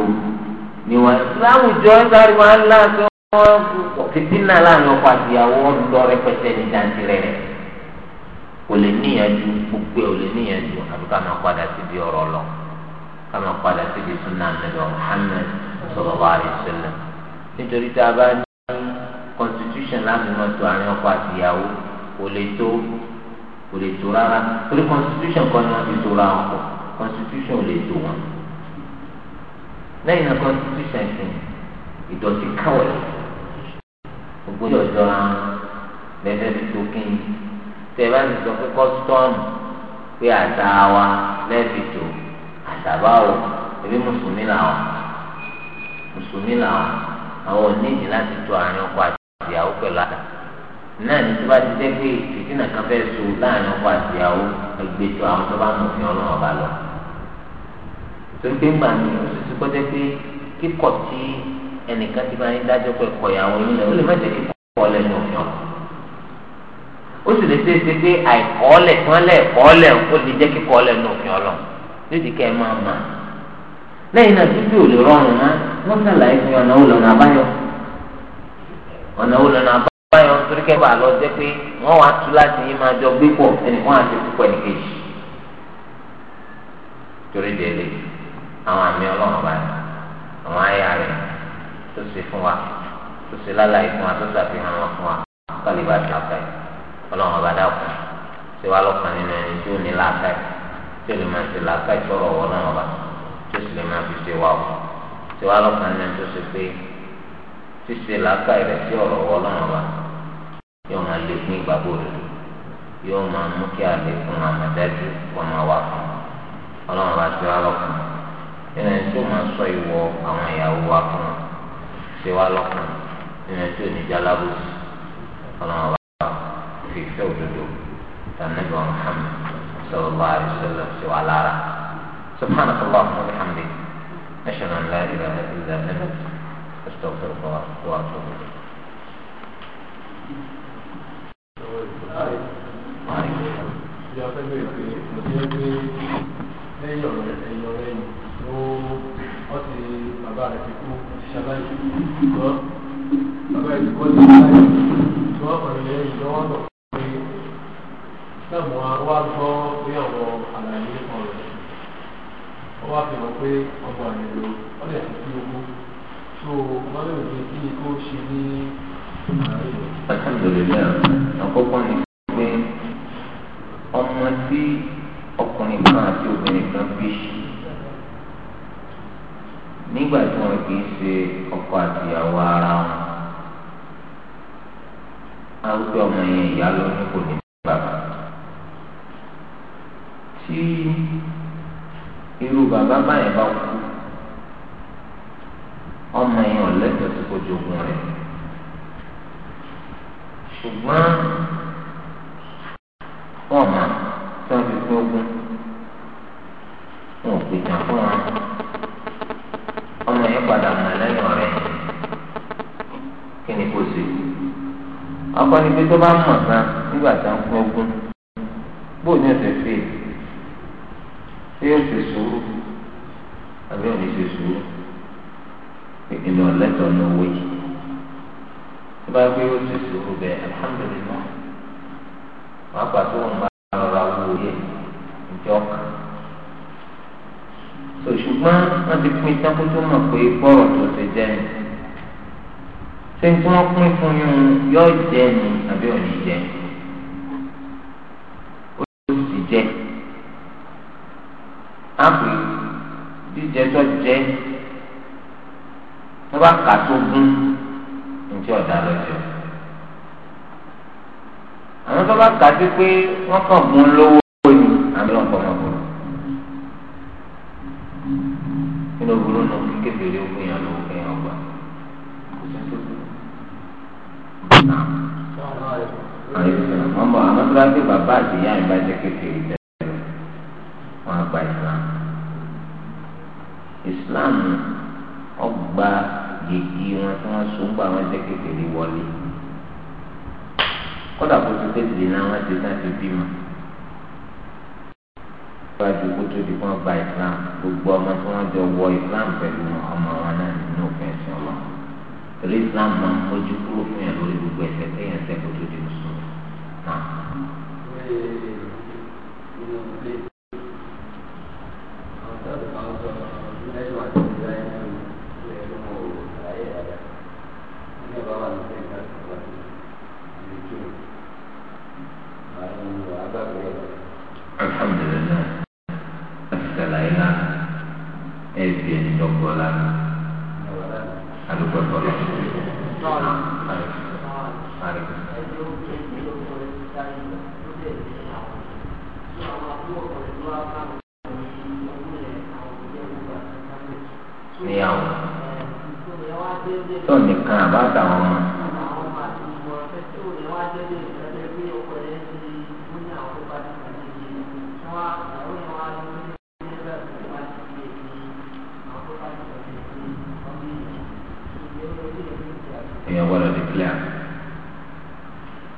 níwájú láwùjọ sáré wọn láti wọn fìdí náà láàrin ọkọ àtìyàwó wọn lọ rẹpẹtẹ ní dantí rẹ rẹ kò lè níyànjú gbogbo ẹ̀ ò lè níyànjú àbí ká máa padà síbi ọ̀rọ̀ lọ ká máa padà síbi sunnah nílò Muhammad sallallahu alaihi wasallam nítorí tá a bá ní constitution láti mọ̀ tó àárín ọkọ àti ìyàwó kò lè tó kò lè tó rárá torí constitution kan ni wọ́n fi tó ra ọkọ̀ constitution ò tó wọn lẹ́yìn náà constitution ti ìdọ̀tí káwẹ̀ gbogbo ìjọba bẹ́ẹ̀ bẹ́ẹ̀ tó kéyìn tẹ̀lé ní sọ pé kọ́sítọ́ọ̀mù pé àṣà wa lẹ́bi tó àṣà báwo ebi mùsùlùmí làwọn mùsùlùmí làwọn àwọn oníjì láti tó àárín ọkọ àti ìyàwó pẹ̀lú àṣà náà ní tí wọ́n ti dé pé fìtínà kan fẹ́ so láàárín ọkọ àti ìyàwó ẹgbẹ́ tó àwọn tó bá mọ̀ fi ọlọ́run ọba lọ. torí pé gbà mí oṣù tí kọ́ jẹ́ pé kíkọ̀ tí ẹnìkan ti bá yín dájọ́ pé kọ̀yàwó yín lẹ́wọ́ lè má jẹ́ kíkọ̀ lẹ́nu ó sì lè ṣeéṣe pé àìkọ́ọ́lẹ̀ tí wọ́n kọ́ọ́lẹ̀ ó lè jẹ́ kíkọ́ọ́lẹ̀ ní òfin ọlọ́run lóde kẹ́ ẹ máa mà lẹ́yìn náà títí ò lè rọrùn mọ́ wọ́n sàlàyé fún ọ̀nà òun lọ́nà àbáyọ ọ̀nà òun lọ́nà àbáyọ torí kẹ́ bá lọ jẹ́ pé wọ́n wá tú láti yín máa jọ gbé pọ̀ ẹnìkan àti púpọ̀ ẹnìkejì torí délé àwọn àmì ọlọ́run àwọn rẹ̀ tó ṣe fún wa tó ṣe lálàyé fún wa tó ṣàfihàn wọn fún wa ọlọ́run ọba dàkún ṣé wàá lọ́kàn nínú ẹni tí ó ní làákàyè tí ó lè máa ṣe làákàyè sọ̀rọ̀ ọ̀wọ́ náà ọba tí ó sì lè máa fi ṣe wà ó ṣé wàá lọ́kàn nínú ẹni tó ṣe pé ṣíṣe làákàyè rẹ̀ sí ọ̀rọ̀ ọ̀wọ́ náà ọba yóò máa lè fún ìgbàgbọ́ rẹ̀ yóò máa mú kí àlékún àmọ̀dájú kọ́ máa wà fún ọlọ́run ọba ṣé wàá lọ́kàn nínú ẹni tó máa sọ ìwọ àwọn ìyàwó wa fún ṣé wàá lọ́kàn nínú ẹni tó ní jálábùsì ọlọ́run ọba في توجده فالنبي محمد صلى الله عليه وسلم سوى على رأى سبحانك الله وبحمده أشهد أن لا إله إلا أنت أستغفرك وأتوب إليك Thank you. táwọn wá gbọ́ pé ọ̀rọ̀ àlàyé kan rẹ̀ wọ́n wá fi hàn pé ọgbà nílò wọ́n lè fi owó tó wọ́n lè fi kí ikú ṣe ní. alhamdulilayi àkọ́kọ́ ni pé ọmọ tí ọkùnrin kan àti obìnrin kan bí nígbà tí wọn kì í ṣe ọkọ àtìyàwó ara wọn àwùjọ ọmọ yẹn ìyá lọ ní kò ní bàbá. tí irú bàbá báyìí bá kú ọmọ yẹn ò lẹ́tọ̀ọ́ sí kó jogún rẹ̀ ṣùgbọ́n wọ́n mọ̀ tí wọ́n fi wọn ò fún ọmọ yẹn padà mọ̀ lẹ́yìn ọ̀rẹ́ kí ni kò sí ọkọ ni pé tó bá mọ̀ nígbà tí ṣé yóò ṣe sùúrù àbí òní ṣe sùúrù ìpinnu ọ̀lẹ́tọ̀ ní owó yìí tó bá gbé yóò ṣe sùúrù bẹ́ẹ̀ alhamdulilayi wọn àgbà tó ń bá rọra wúwo yẹ ìjọ kan ṣùgbọ́n wọ́n ti pín iṣẹ́ kó tó mọ̀ pé bọ́ọ̀rọ̀ tó ṣe jẹ́ ni ṣé tí wọ́n pín fún yún yóò jẹ́ ni àbí òní jẹ́ ni. jíjẹ tó jẹ tó bá kà tó gún ntí ọ̀dà lọ́jọ́ àwọn tó bá kà sí pé wọ́n kàn gún lówó. pé zina wọn ti náà ti bímọ síwájú kó tó di kó gba islam gbogbo ọmọ tí wọn jọ wọ islam pẹ̀lú ọmọ wọn náà nínú òfin ẹ̀sìn Ọlọ́run torí islam máa ń mójú kúrò fún yàn lórí gbogbo ẹ̀ṣẹ̀ kéèyàn ṣẹ̀ kó tó di mùsùlùmí náà. Thank you alhamdulilayi láti sàlàyé la ẹ fi ẹni dọgbọ la alùpùpù ọlọ. níyàwó tó nìkan àbá àtàwọn ọmọ.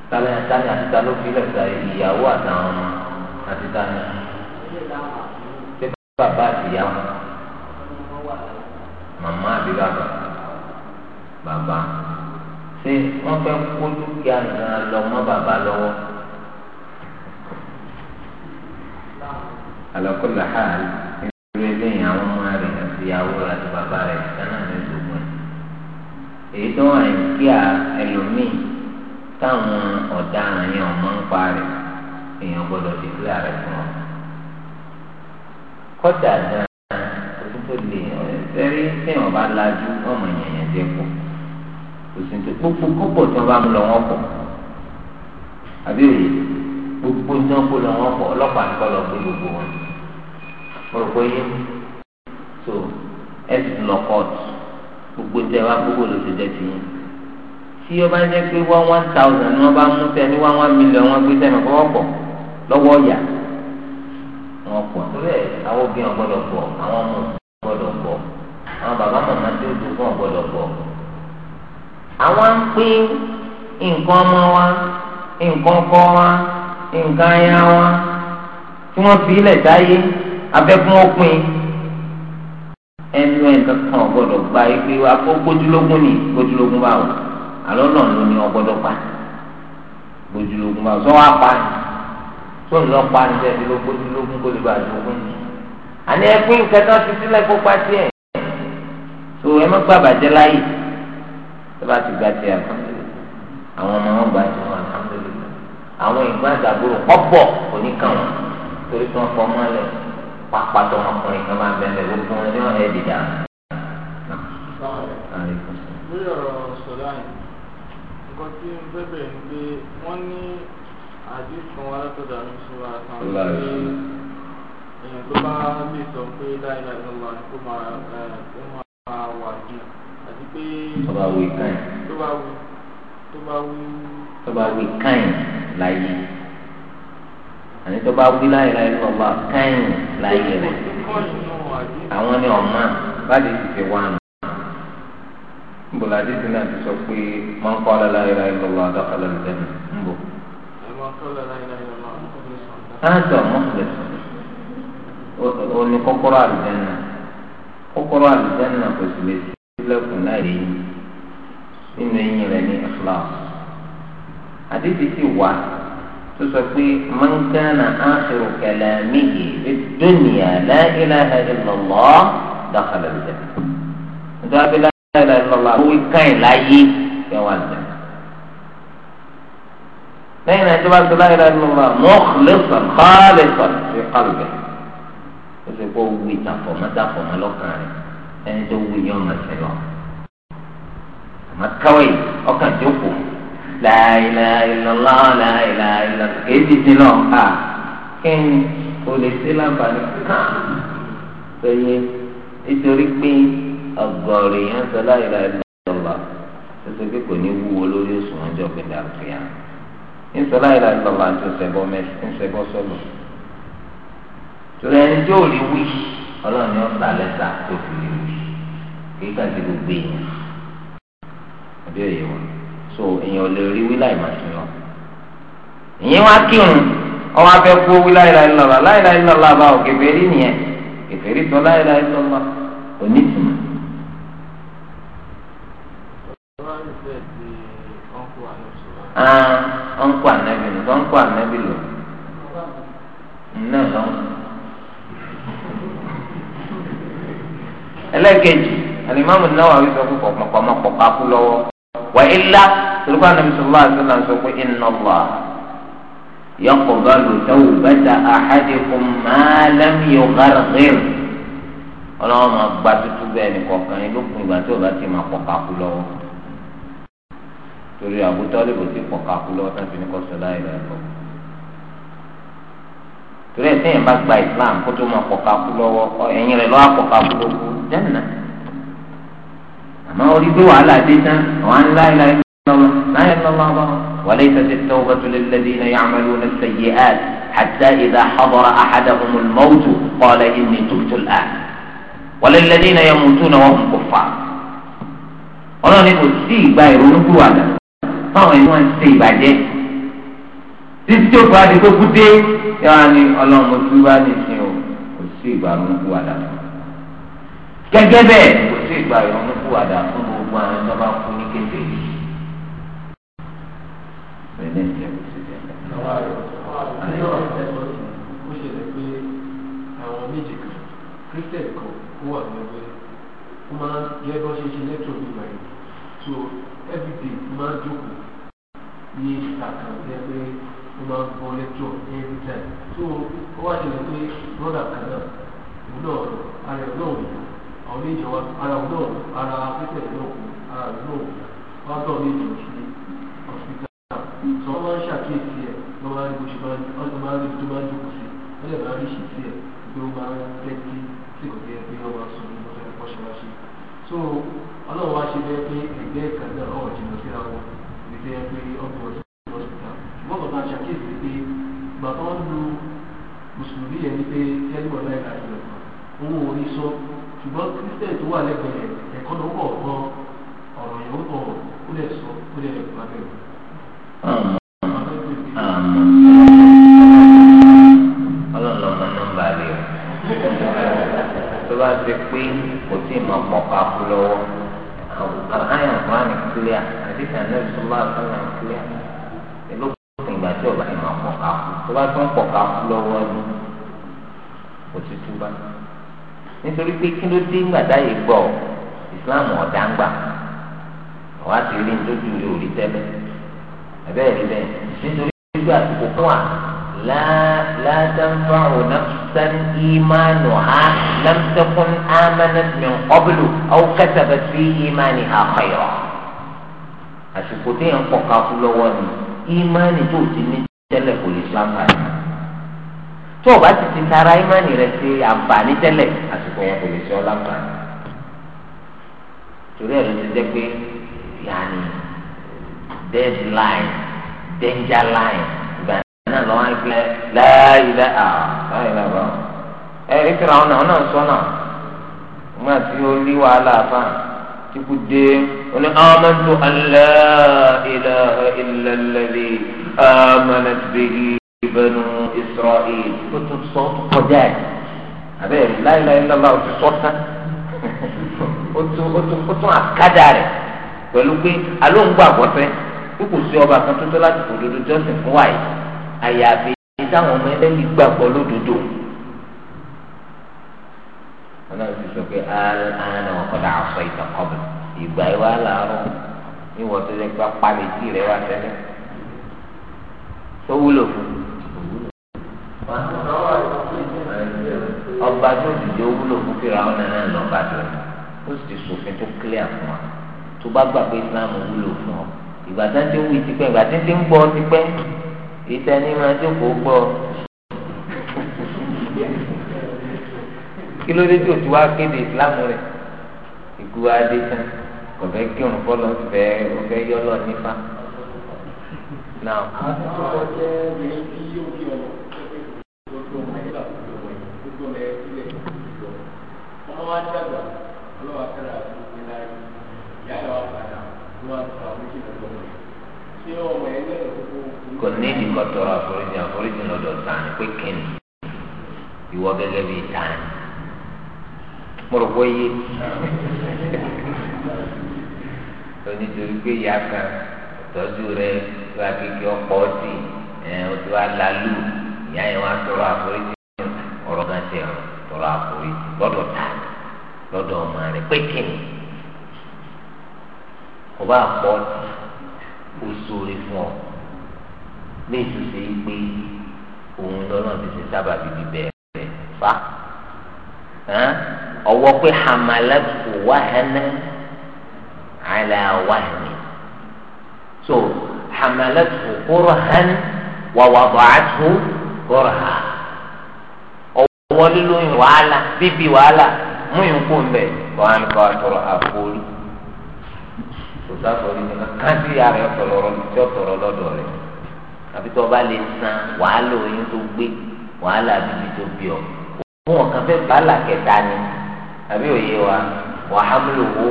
tani tani àti ta ló fi lẹ́sà ìyàwó àtàwọn ọmọ àti tani ṣé bàbá àti ìyá wọn màmá àbí bàbá bàbá ṣé wọ́n fẹ́ kó dúkìá nìkan lọ mọ́ bàbá lọ́wọ́ alọ́kọ́lá ha ìlú eléyìí àwọn ọmọ rẹ̀ àti ìyàwó rẹ̀ àti bàbá rẹ̀ kanáà ní ìdògùn èyí tó wà ní kíá ẹlòmíì táwọn ọ̀daràn yẹn ò máa ń pa rẹ̀ èèyàn gbọ́dọ̀ dìgbìlà rẹ̀ fún wọn. kọ́dà dáa olùkọ́ lè ẹ̀rí téèyàn bá lajú ọmọ yẹn jẹ́ pọ̀ òsèǹtẹ̀ gbogbo gbogbo tí wọ́n bá mú lọ wọ́n pọ̀ àbí òye gbogbo tí wọ́n kó lọ wọ́n pọ̀ ọlọ́pàá ní kọ́ lọ pé gbogbo wọn. mo rò pé yé so ẹ ti lọ kóòtù gbogbo tí ẹ gbogbo lọ sí jẹ́ tiyín tí o bá jẹ́ pé wá one thousand ni wọ́n bá mú sẹ́ni wá one million wọ́n gbé sẹ́ni kọ́ ọ̀pọ̀ lọ́wọ́ ọ̀yà wọn pọ̀ torí ẹ̀ àwọn obìnrin ọ̀gbọ́dọ̀ pọ̀ àwọn ọmọ ọ̀gbọ́dọ̀ pọ̀ àwọn bàbá màmá tí ó dùn fún ọ̀gbọ́dọ̀ pọ̀. àwọn ń pín nǹkan ọmọ wa nǹkan ọkọ wa nǹkan aya wa tí wọ́n fi ilẹ̀ dáyé abẹ́kún ó pín ẹnu ẹ̀ kankan ọ̀gbọ́dọ̀ gba ẹgbẹ́ wa kó gbójúlógún ni gbójúlógún báwo àlọ́ náà ló ní ọgbọ́dọ̀ pa bójúlógún bá sọ wá pa ni tó ń lọ pa ni bẹ́ẹ̀ bí ló bójúlógún kó lè bá àdúgbò ni. àní ẹkún kẹta ti sílẹ̀ kó pa tiẹ̀ tó ẹ má gbà bàjẹ́ láyè tó bá ti gba tiẹ̀ àwọn ọmọ wọn gba tiẹ̀ wọn àwọn ìgbọ́n àtàbúrò ọ̀pọ̀ oníkàn torí tí wọ́n fọ́ mọ́lẹ̀ pápá tó wọn kan máa bẹ̀rẹ̀ gbogbo wọn ní ọ̀rẹ́ ìdìdà. lórí ọ̀rọ̀ sọ̀rọ̀ àyìn nǹkan tí ń bẹ̀bẹ̀ ni pé wọ́n ní àdìsùn alátọ̀dà ní ṣùgbọ́n àtàwọn èèyàn tó bá lè sọ pé láìláì lọ́wọ́ àti kó máa wà jù àti pé tó bá wí kàn tó bá wí tó bá wí. tó bá wí kàn láyé àní tó bá wí láìláì lọ́wọ́ kàn láyé rẹ̀ àwọn ni ọ̀ma bá lè ti fi wá nù. nbola adidi náà ti sọ pé máa ń kọ́ alala ìlà ìlọ́wọ́ adákàlà lẹ́nu nbọ. Ánàtì ọ̀mọ́sẹ̀sẹ̀ òní kọ́kọ́rọ́ àlùjẹ́nà kọ́kọ́rọ́ àlùjẹ́nà kò sì lè sílẹ̀kùn náà rí nínú eyín rẹ̀ ní ìfúláà. Adidi ti wà tó sọ pé man kana akhiru kalamihi fid dunya la ilaha illallah dakhala al-jannah. la ilaha illallah owó káyìn láyé yẹn wà lẹ́yìn. lẹ́yìn náà ìjọba sọ la ilaha illallah mukhlisan khalisan fi qalbihi. ó sì kó wí ìtàfọ̀mọ́ dàfọ̀mọ́ lọ́kàn rẹ̀ ẹni tó wí yọ̀ ọ̀nà sẹ́lọ̀. àmọ́ káwé ọkàn jókòó la ilaha illallah la ilaha illallah kìí dìde lè ṣe lábàá ní ká. sọ yẹ nítorí pé ọgọ́rin yẹn sọ láìláì lọ́lá ṣẹṣẹ pé kò ní wúwo lórí òṣùwọ̀n ọjọ́ gbẹdẹ àkìyà ń sọ láìláì lọ́lá ń sẹbọ mẹsì ń sẹbọ sọlọ torí ẹni tí ò rí wí ọlọ́run yóò ta lẹ́tà tó fi rí wí kí káàdì gbogbo èèyàn ọdún èyí wọn so èèyàn lè rí wí láì máa sùn lọ ìyẹn wá kírun ọwọ́ afẹ́ kú wí láìláì lọ́lá láìláì lọ́lá bá òkè fèrè nìyẹn kẹfẹ́rì sọ láìláì án wọn kọ ànábì lò wọn kọ ànábì lò náà lọ. ẹlẹ́kẹ̀jì alimami Nawawi sọ pé kọ̀mọ̀kọ̀mọ̀ pàkú lọ́wọ́ wà ilá tòlúkọ́ ànábì sallallahu alaihi wasallam sọ pé inna Allah yaqbalu tawbata ahadikum ma lam yugharghir ọlọ́wọ́ máa gba tuntun bẹ́ẹ̀ ni kọ̀ọ̀kan yín ló kún ìgbà tí o bá ti máa pọ̀ lọ́wọ́. torí àbútọ́lé kò sí pọ̀ka kú lọ́wọ́ tá a fi ní kọ́ sọ láì rẹ̀ lọ. torí ẹ̀sìn yẹn bá gba Islam kó tó máa pọ̀ka kú lọ́wọ́ ẹ̀yìn rẹ̀ lọ́wọ́ pọ̀ka kú lọ́wọ́ jẹ́nà. àmọ́ orí pé wàhálà dé tán àwọn ńlá ìlà ìlọ́wọ́ láyé lọ́wọ́ وليست التوبة للذين يعملون السيئات حتى إذا حضر أحدهم الموت قال إني تبت الآن وللذين يموتون وهم كفار. ọlọ́run ní kò sí ìgbà ìrònú kúrò àgbà fáwọn ẹni wọn ń ṣe ìbàjẹ́ títí tó bá di kó kúté yàrá ni ọlọ́run ojú bá ní sin o kò sí ìgbà ronúkú wàdà gẹ́gẹ́ bẹ́ẹ̀ kò sí ìgbà ronúkú wàdà fún gbogbo àwọn ẹni tó bá kú ní kéde yìí. bẹ́ẹ̀ ni ẹ̀ kò sí bẹ́ẹ̀ christian kan ó wà ní ọgbẹ́ ó máa ń yẹ bọ́ ṣe ṣe lẹ́tọ̀ nígbà yìí so everyday máa jókòó ní àkàndé pé ó máa ń lẹ́tọ̀ every time so ó wá ṣẹlẹ̀ pé brother kan náà òun náà ara ẹ̀ náà àwọn méjì wa ara òun náà ara pípẹ̀ náà ara rẹ̀ náà wá tọ̀ méjì sí hospital so wọ́n máa ń ṣàkíyèsí ẹ̀ wọ́n máa ń bó ṣe máa ń wọ́n máa ń rí tó máa ń jókòó sí wọ́n lè máa ń tẹ́tí sí so ọlọ́run wá ṣe bẹ́ẹ̀ pé ẹgbẹ́ ìkànnì ọ̀rọ̀ jìnnà síra wọn ní bẹ́ẹ̀ pé ọkọ̀ ọ̀sẹ̀ hospital ṣùgbọ́n bàbá ṣàkíyèsí pé bàbá wọn lu mùsùlùmí yẹn ní pé kẹ́lí wọn láì láì lọ owó orí sọ ṣùgbọ́n kírísítẹ̀ tó wà lẹ́gbẹ̀ẹ́ ẹ̀kọ́ ló ń bọ̀ ọ̀rọ̀ yẹn ó bọ̀ ó lẹ̀ sọ ó lẹ̀ lẹ̀ bá ṣe pé kò tí ì máa pọ̀ káàkó lọ́wọ́ àyàn kúránì kílíà àti ìtànẹ́lì sọ́lá àtàlà kílíà ìlókùn ìgbà tí ọ̀bá ìmọ̀ pọ̀ káàkó tó bá tún pọ̀ káàkó lọ́wọ́ ni kò ti túbá nítorí pé kí ló dé gbàdáyé gbọ́ ìsìláàmù ọ̀dà ń ti rí ní lójú rẹ̀ tẹ́lẹ̀ ẹ̀bẹ́ẹ̀ rí bẹ́ẹ̀ nítorí pé àsìkò kan wà لا لا تنفع نفسا إيمانها لم تكن آمنت من قبل أو كتبت في إيمانها خيرا àsìkò téèyàn pọ̀ ká kú lọ́wọ́ ni ìmánì tó ti ní tẹ́lẹ̀ kò lè ṣàǹfààní tó o bá ti ti tara ìmánì rẹ ṣe àǹfààní tẹ́lẹ̀ àsìkò yẹn kò lè ṣe ọ́ láǹfààní torí ẹ̀rọ ti jẹ́ pé yàní deadline danger line náà lọ́wọ́ ń pẹ́ láìlẹ́ àìlẹ́ bá wọn. ẹ ẹ fẹ́ra ọ̀nà ọ̀nà sọ́nà nígbà tí ó rí wàhálà fà tí kò dé oní amantu an la ilaha illa alladhi amanat bihi banu isra'il ó tún sọ ọ́ kọjá ẹ̀ abẹ́ láìláì lọ́la ó ti sọ tán ó tún àkádà rẹ̀ pẹ̀lú pé alóńgbò àbọ̀tẹ́ kókò sí ọba kan tó tó láti kò dodo jọ́sìn fún wáyé àyàfi táwọn ọmọ ẹlẹ́ni gbàgbọ́ lódodo wọn náà ti sọ pé àánà ọ̀kadà àṣọ ìtàkọ́bù ìgbà yìí wà láàárọ̀ níwọ̀n tó yẹ kí wọ́n pa létí rẹ̀ wá sẹ́lẹ̀ tó wúlò fún ọba tó dìde ó wúlò fún fìrà ọ̀nà náà lọ́ba tó ó sì ti sòfin tó kílẹ̀ fún wa tó bá gbà pé Islam wúlò fún ọ ìgbà tí wọ́n ti wí tipẹ́ ìgbà tí wọ́n ti ń gbọ́ tipẹ́ ìtẹni máa jókòó gbọ́ kí ló dé tí òtún wá kéde ìsìlámù rẹ̀ ìgbó adé tán kò fẹ́ kí òun fọ́ lọ fẹ́ kò fẹ́ yọ lọ nípa. Now. Ṣé ọmọ ẹ lẹ́yìn tó kó kò ní ìdìkọ̀ tọrọ àforíjì àforíjì lọ́dọ̀ tani pé kẹ́ni ìwọ gẹ́gẹ́ bíi tani mo rò pé yé onítorí pé ìyá kan tọ́jú rẹ tó akéèké ọ̀pọ̀ ọtí ẹ̀ o tó alalú ìyá yẹn wá tọrọ àforíjì ọ̀rọ̀ kan ti rùn tọrọ àforíjì lọ́dọ̀ tani lọ́dọ̀ ọmọ rẹ pé kẹ́ni kò bá pọ̀ oṣù rẹ fún ọ lè tún ṣe é pé òun lọ́nà ti ṣe sábà bíbí bẹ̀rẹ̀ fa ọwọ́ pé hamalatu wahana ala wahani so hamalatu kurhan wa wada'athu kurha ọwọ́ lílóyún wàhálà bíbí wàhálà múyùn kó mbẹ wọn kọ́ àtọ̀rọ̀ àforí kò sáfọ̀ nínú káńtì ààrẹ ọ̀tọ̀rọ̀ lọ́dọ̀ rẹ̀ àbí tó bá lè san wàhálà oyún tó gbé wàhálà bíbí tó bí ọ òun ọ̀kan fẹ́ bàálà kẹta ni àbí òye wa wàhámlò wo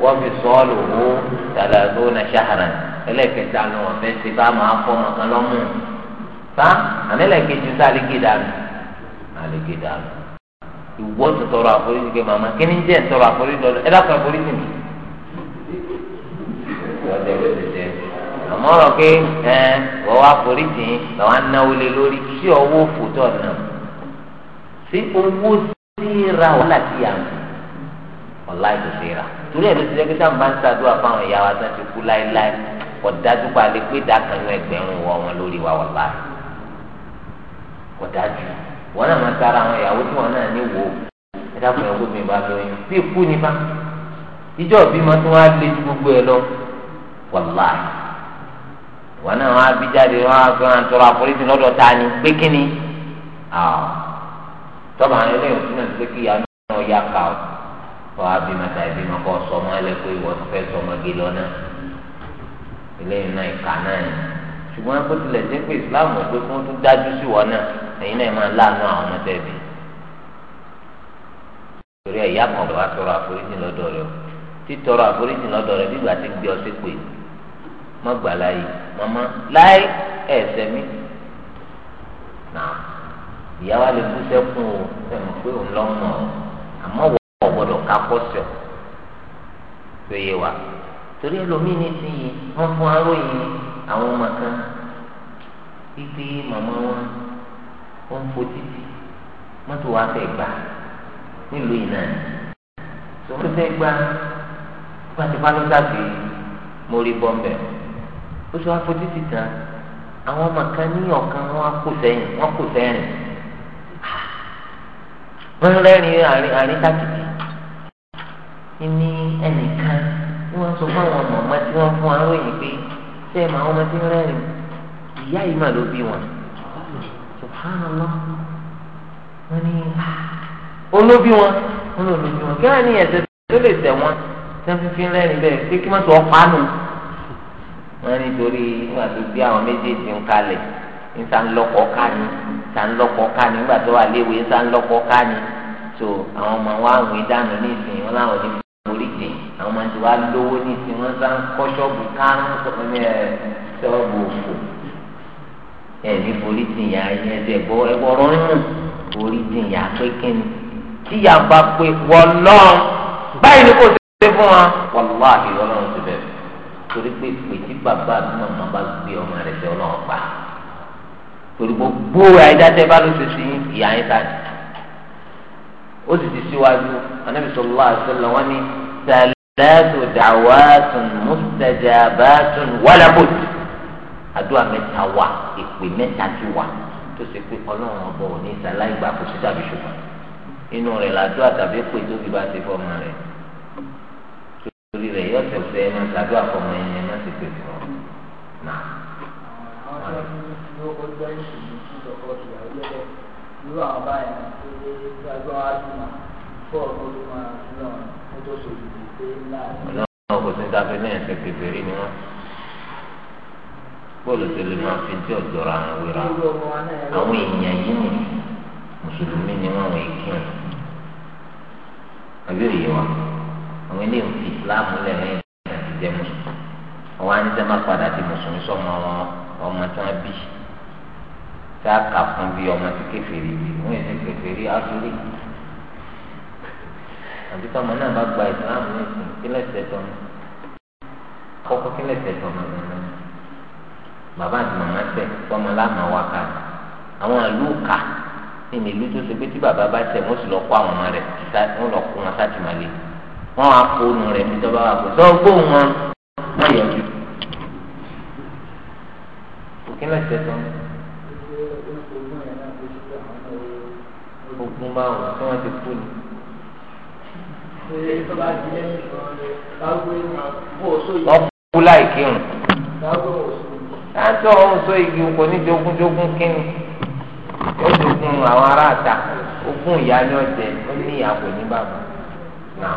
wọ́n fi sọ́ọ̀lù wo tàlà tó na ṣahara ẹlẹ́kẹta ni wọ́n fẹ́ ṣe bá máa fọ́ ọmọ kan lọ́mú fa àmẹ́lẹ́kẹjì sá àlégé dànù àlégé dànù ìwọ tó tọrọ àforíjì kẹ màmá kí ni jẹ́ tọrọ àforíjì lọ́dọ̀ ẹ dákun àforíjì mi. àmọ́ gị pé ẹ wọ́n wá forí tì í lọ́wọ́ anáwó lé lórí sí ọwọ́ fòtọ́ náà sí owó síra wàhálà sí àmì ọ̀la ìdòsíra torí ẹ̀ ló ti jẹ́ pé sáà máa ń ṣàdúrà fáwọn ìyá wa tán ti kú láéláé kò pa lè pé ẹgbẹ̀rún wọ wọn lórí wa wàhálà wọn náà máa tara àwọn ìyàwó tí wọn náà ní ẹ dákun gbóbi wọn náà wọn abijáde wọn afẹ́ràn tọrọ àforíjì lọ́dọ̀ ta ni pé kíni tọ́ba àwọn eléyìí fún mi pé kí ìyá náà yá ká o wọ́n á bímọ ta ìbímọ kọ́ sọmọ ẹ lẹ́kọ́ ìwọ tó fẹ́ sọmọ gé lọ náà eléyìí náà ìka náà ni ṣùgbọ́n bó tilẹ̀ pé Islam ò fún tó dájú sí wọn náà ẹ̀yin náà máa láàánú àwọn ọmọ tẹ̀bi torí ẹ̀yà kan tọrọ àforíjì lọ́dọ̀ rẹ̀ títọrọ àforíjì lọ́dọ̀ rẹ̀ bí ìgbà tí gbé ọ sí pé má gbà láàyè màmá láì ẹsẹ̀ mi náà ìyá wa lè kú sẹ́kùn o ẹ̀mí pé òun lọ́ mọ̀ ọ́ àmọ́ wọ́n gbọ́dọ̀ kápọ́ sọ tó yé wa torí ẹlòmíì ní sí yìí wọ́n fún aróyìn àwọn ọmọ kan títí màmá wọn ó ń fo títí mọ́tò wa fẹ́ gbà nílùú iná tó ń fẹ́ gbà bá ti bá ló dàbí mórí bọ́m̀bẹ̀ ó ti wá fojú sí tán àwọn ọmọ kan ní ọ̀kan wọn kò sẹ́yìn wọn kò sẹ́yìn wọn rẹ́rìn àríntàkìtì ní ẹnìkan ni wọ́n sọ fún àwọn màmá tí wọ́n fún àwọn èyí pé ṣé ẹ̀ máa wọ́n ti rẹ́rìn ìyá yìí mà ló bí wọn subhanallah ah, wọn ní olóbi wọn wọn lò lóbi wọn kí wọn ní ẹsẹ tó lè tẹ wọn tí wọn bẹ́ẹ̀ pé kí wọn sọ ọ pa nù wọn nítorí nígbà tó gbé àwọn méjèèjì ń kalẹ̀ níta ń lọ́kọ̀ ká ní níta ń lọ́kọ̀ ká ní nígbà tó wà léwe níta ń lọ́kọ̀ ká ní tó àwọn ọmọ wa ń wí dànù ní ìsìn wọn láwọn ní oríṣi àwọn ọmọ tí wàá lówó ní ìsìn wọn sá ń kọ́ ṣọ́ọ̀bù kárùn ṣọ́ọ̀bù òfò ẹ̀mí forí tìyà ẹ̀yẹ ẹ̀dẹ̀ bọ́ ẹ̀wọ̀ rọrùn forí tìyà pé kíni tíyà bá pé wọ́n lọ́ọ̀ báyìí ni kò ṣe fún wa wàláhì ọlọ́run ti bẹ̀rẹ̀ torí pé pè tí bàbá àti màmá bá gbé ọmọ rẹ̀ jẹ́ ọlọ́run pa torí gbogbo àìdájẹ́ bá ló ṣe sí ìyá yín tàbí ó sì ti síwájú anábì sallallahu alaihi wasallam wọn ní tàlẹ́tò dàwátùn mustajabátùn wàlábòt àdúrà mẹ́ta wà ìpè mẹ́ta ti wà tó ṣe pé ọlọ́run ọbọ̀ ò ní ìsàlá ìgbà kò sí tàbí ṣùgbọ́n inú rẹ̀ làdúrà tàbí pè tóbi bá ti fọ́ ọmọ rẹ̀ torí rẹ̀ yọ tẹ̀sẹ̀ ẹ̀ máa tàbí àfọmọ ẹ̀yìn ẹ̀ máa ti pè fún ọ. Náà. Ọlọ́run kò sí sáfẹ́ ní ẹ̀sẹ̀ kékeré ni wọ́n. Bọ́ọ̀lù tó lè máa fi tí ọ̀dọ́ra àwọn wéra. Àwọn èèyàn yìí ni Mùsùlùmí ni wọ́n àwọn èkìrìn. Àbí òye wa àwọn ilé ìwé ìsìláàmù lẹ́nu àti jẹ́ mùsùlùmí àwọn anìjẹ́ máa padà di mùsùlùmí sọmọ wọn ọmọ tí wọ́n bí tá a kà fún bí ọmọ tí kèfèrí bí wọ́n yẹn ti kèfèrí ákílé àbí tọmọ náà bá gba ìsìláàmù ní ìsìn kílẹ̀ tẹ̀tọ̀ kọ́kọ́ kílẹ̀ tẹ̀tọ̀ mọ̀mọ́ bàbá àti màmá tẹ̀ fọmọ láàmú wa ká àwọn àlù ká nínú ìlú tó ṣe pé tí bàbá bá tẹ̀ wọ́n sì lọ kó àwọn ọmọ rẹ̀ wọ́n wọn á fóònù rẹ̀ níjọba wa kò sọ gbóhùn wọn wọn yọjú òkín lẹsẹ tó ń ogun bá wọn tí wọn ti kú ni. ọkùnrin sọ igi kò ní kínní jogún àwọn aráàta ogún ìyá ni ó ní ìyá kò ní bàbá náà.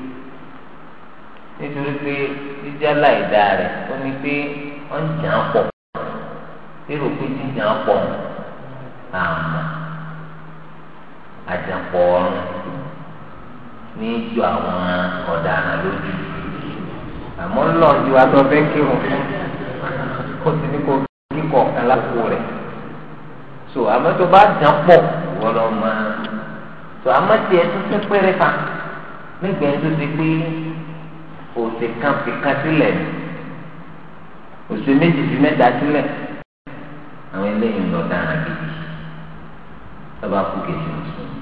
nítorí pé jíjá láìda rẹ̀ ó ní pé wọ́n ń jà ń pọ̀ èrò pé jíjà ń pọ̀ àmọ́ àjàpọ̀ ọ̀run ní ju àwọn ọ̀daràn lójú àmọ́ lọ́ọ̀ ju adọ́bẹ́ kírun kó ti ní kó kíkọ̀ kan lápò so àmọ́ tó bá jà pọ̀ wọ́n máa so àmọ́ tiẹ̀ tún fẹ́ pẹ́rẹ́ fà nígbẹ̀ẹ́ tó ti pé òsè kan fi kan sílẹ̀ òsè méjì fi mẹ́ta sílẹ̀ àwọn eléyìí lọ dáhà gidi lọ́ba kú kejì mùsùlùmí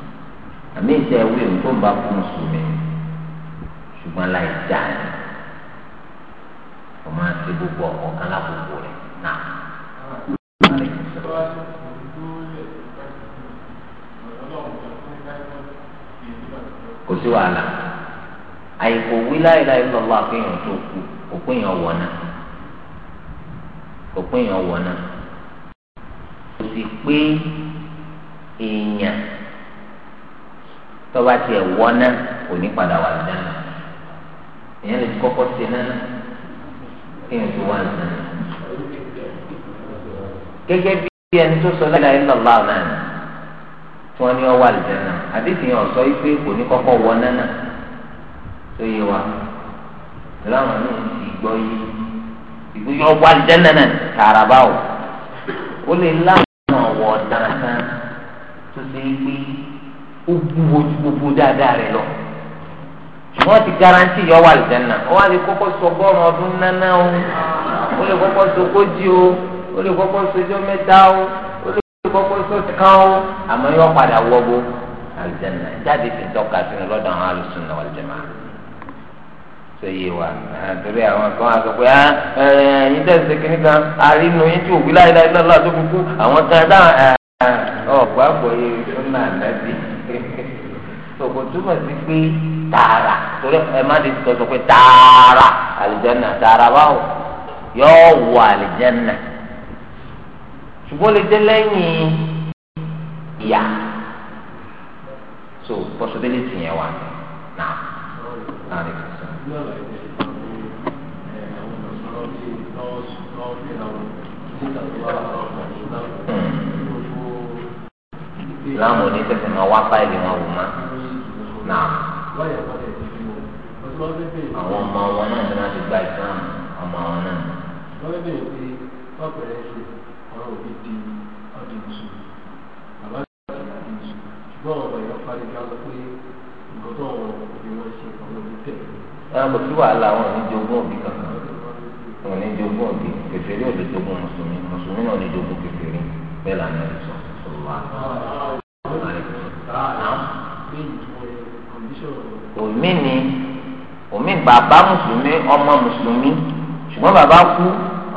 àmì ìjà ìwé nǹkan bá kú mùsùlùmí ṣùgbọ́n láì já ni wọ́n máa ṣe gbogbo ọkọ̀ kan lákòókò rẹ̀ náà. kò sí wàhálà àyíkò wí láìláì lọ́lọ́ àpéyàn tó kú òpéyàn wọ̀nà òpéyàn wọ̀nà kò sì pé èèyàn tọ́ba tiẹ̀ wọ́ná kò ní padà wà lẹ́nu èèyàn lè kọ́kọ́ ti náà kéèyàn tó wà lẹ́nu gẹ́gẹ́ bí ẹni tó sọ láìláì lọ́lọ́ àná tí wọ́n ní ọ wà lẹ́nu àdéhùn ọ̀sọ́ yìí pé kò ní kọ́kọ́ wọ́ná náà tó yẹ wa láwọn náà ti gbọ́ yé ìgbé yọ wá jẹ́nà náà tààrà báwò ó lè láwọn ọ̀wọ́ dáadáa tó ṣe é pé ó wúwo ju gbogbo dáadáa rẹ lọ wọ́n ti garanti yọ wà lùdánà ó wá lè kọ́kọ́ sọgọ́rùn ọdún nánà o ó lè kọ́kọ́ sọgójì o ó lè kọ́kọ́ sọjọ́ mẹ́ta o ó lè kọ́kọ́ sọtì kan o àmọ́ yọ padà wọ́gbó àlùdánà jáde fi tọ́ka sínú lọ́dọ̀ àwọn alùsùn náà wal jamaa sẹyẹ wa torí àwọn kan á sọ pé á ẹyin tẹ̀ ṣe kínní kan arínú yín tí òbí láyé láyé lọ́la tó kúkú àwọn kan dá ọ̀pọ̀ àgbọ̀yé sọ́nà àdáde òkò túmọ̀ sí pé tààrà torí ẹ má di sọ pé tààrà àlìjẹ́nà tààrà báwo yóò wọ àlìjẹ́nà ṣùgbọ́n lè dé lẹ́yìn ìyá so possibility yẹn wà náà náà nìkan. láwọn oníṣẹ̀ṣẹ̀ máa wá wọn má nà àwọn ọmọ wọn náà ní gba ọmọ wọn náà. bẹ̀rẹ̀ ṣe ọ̀rọ̀ òbí di ṣùgbọ́n ọ̀rọ̀ pé nǹkan tó ọ̀rọ̀ òbí wọn ṣe ọ̀rọ̀ òbí tẹ̀lé. ẹranko tí wàhálà àwọn òní jogún òbí kankan òní jogún òbí kèfèrí òbí jogún mùsùlùmí mùsùlùmí náà òní jogún kèfèrí bẹ́ẹ̀ lànà ìsọ sọlá. òmí ni òmí bàbá mùsùlùmí ọmọ mùsùlùmí ṣùgbọ́n bàbá kú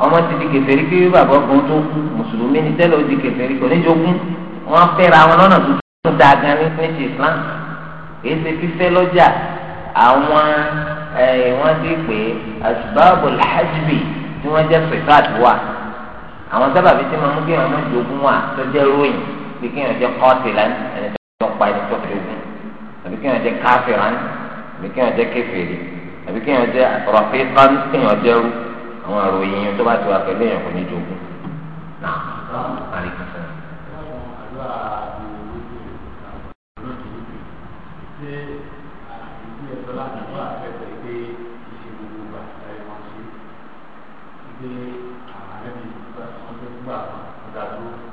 ọmọ ti di kèfèrí kí bàbá kan tó kú mùsùlùmí ni tẹ́lẹ̀ ó di kèfèrí kò ní jogún wọ́n fẹ́ra wọn lọ́nà tuntun dáadáa ní ti Islam èyí ṣe fífẹ́ lọ́jà àwọn ẹ wọ́n ti pè é asibaabu alhajbi tí wọ́n jẹ́ sifat wa àwọn sábàbí tí màmú kí ọmọ ìjogún wa tó jẹ́ ròyìn bí kí wọ́n jẹ́ kọ́tìlán ẹni tó pa ẹni tó jogún àbí kí wọ́n jẹ́ káfíràn àbí kí wọ́n jẹ́ kẹfìrì àbí kí wọ́n jẹ́ rọ̀fíkan kí wọ́n jẹ́ rú àwọn àròyìn tó bá ti wà pẹ̀lú èèyàn kò ní jogún. Thank you.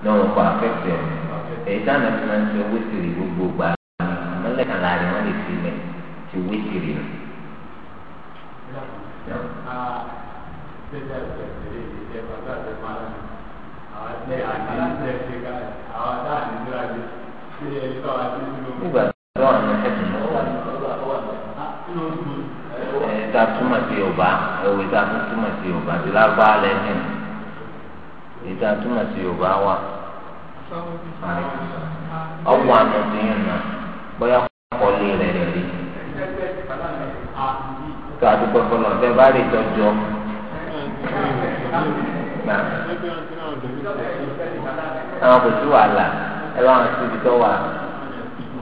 lọ́wọ́ kọ́ afẹ́fẹ́ èyí táwọn ẹbí máa ń ṣe wéṣìrì gbogbo gbà mọ́lẹ́kà láàrin wọn lè fi lẹ̀ ti wéṣìrì nù. nígbà tó wà ní ẹ̀sìn ẹ̀ ta túmọ̀ sí Yorùbá ẹ̀wẹ̀ ta túmọ̀ sí Yorùbá ti lágbá lẹ́yìn. ètò àtúmọ̀ sí yorùbá wa ọ̀pọ̀ àmì na. yàn náà bóyá kọ́lé rẹ̀ rẹ̀ rí tó àdúgbò fọlọ bá rí tọjọ. àwọn kò sí wàhálà ẹ bá wọn síbi tó wà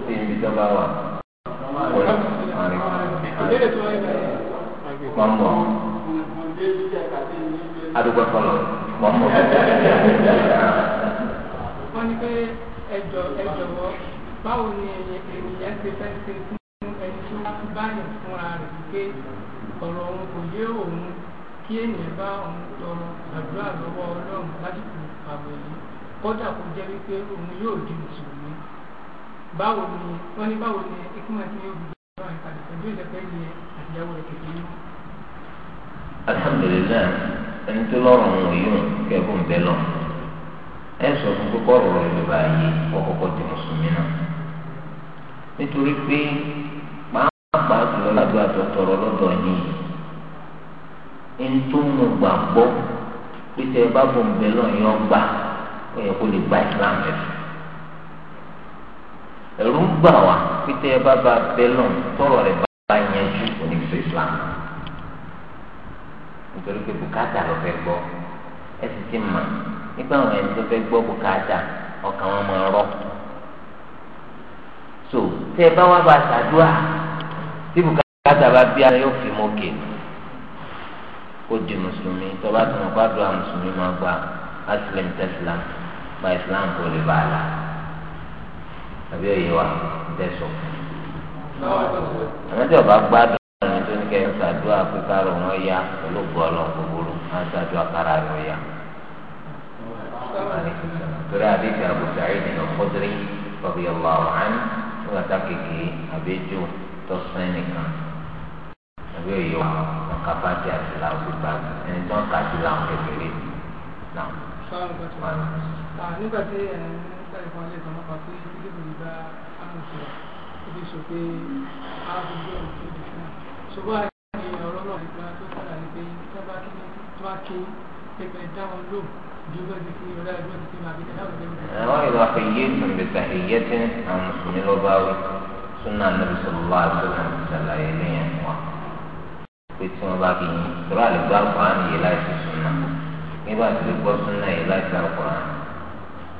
síbi tó bá wà. mọ̀mọ́ àdúgbò fọlọ. wọ́n ní pé ẹ̀jọ̀ ẹ̀jọ̀wọ́ báwo ni ènìyàn ṣe fẹ́ ṣe fún ẹni tó wá báyìí fúnra rẹ̀ pé ọ̀rọ̀ òun kò yé òun kí ènìyàn bá òun tọrọ àdúrà lọ́wọ́ ọlọ́run lásìkò àwẹ̀ yìí kódà kó jẹ́ wípé òun yóò di mùsùlùmí báwo ni wọ́n ní báwo ni ikúmọ̀ tí yóò gbé ọ̀rọ̀ ìpàdé pẹ̀lú ìjẹ́pẹ́ yẹn àtìyàwó rẹ̀ kékeré ẹni tó lọ́rùn òun yìí kẹ́kọ̀ọ́ ń bẹ́ lọ. ẹ sọ fún pé kọ́rọ̀ rẹ̀ ló bá yé kọ́kọ́kọ́ di mùsùlùmí náà. nítorí pé pàápàá jùlọ ládùúgbò àtọ̀tọ̀rọ̀ lọ́dọ̀ yìí ẹni tó mú gbàgbọ́ pé tẹ bá bò ń bẹ́ lọ yẹn ọgbà ó yẹ kó lè gba ìsìlámù rẹ̀. ẹ̀rù gbà wá pé tẹ bá bá bẹ́ lọ tọ̀rọ̀ rẹ̀ bá yẹn ju òní nítorí pé bùkátà ló fẹ́ gbọ́ ẹ sì ti mọ̀ nígbà wọn ẹni tó fẹ́ gbọ́ bùkátà ọkàn wọn máa rọ so tẹ ẹ bá wá bá ṣàdúrà tí bùkátà bá bí ara yóò fi mọ́kè kó di mùsùlùmí tó bá tún ọgbà dùn àmùsùlùmí máa gbà asilim tẹsilam gba islam kò lè bá a la àbí òye wa tẹsán àmọ́ tí ọba gbádùn kẹ́ ẹ̀ ṣàdúrà pé kárò wọn yá olóògbé ọlọ́run gbogbo wọn ṣàdúrà kára rẹ̀ yá. torí àdéhùn Abu Sa'id al-Khudri radiyallahu anhu fún ata kékeré abéjú tọ́sán nìkan àbí òye wa ọ̀ka bá ti àtìlá òkú bá ẹni tó ń ka àtìlá òkú kékeré náà. nígbà tí ẹ̀ ń sáré fún alẹ́ ìtàn pàtó ìdílé mi bá àmì sọ̀rọ̀ ó fi sọ pé a ṣùgbọ́n àti ọ̀rọ̀ náà nípa tó padà ní pé tábà kí ni tó bá kí pépè dáhùn lò ju bẹ́ẹ̀ ti fi ọ̀rẹ́ ẹgbẹ́ ti fi máa fi dáhùn lò. àwọn ìlú àfẹyé tún lè ta èyí tí àwọn mùsùlùmí ló bá wí súnà nàbí sọlọ́lá àdúrà ṣàlàyé lẹ́yìn wa pé tí wọ́n bá fi yín tọ́lá lè gbọ́ àkùrán yìí láti súnà nígbà tí lè gbọ́ súnà yìí láti àkùrán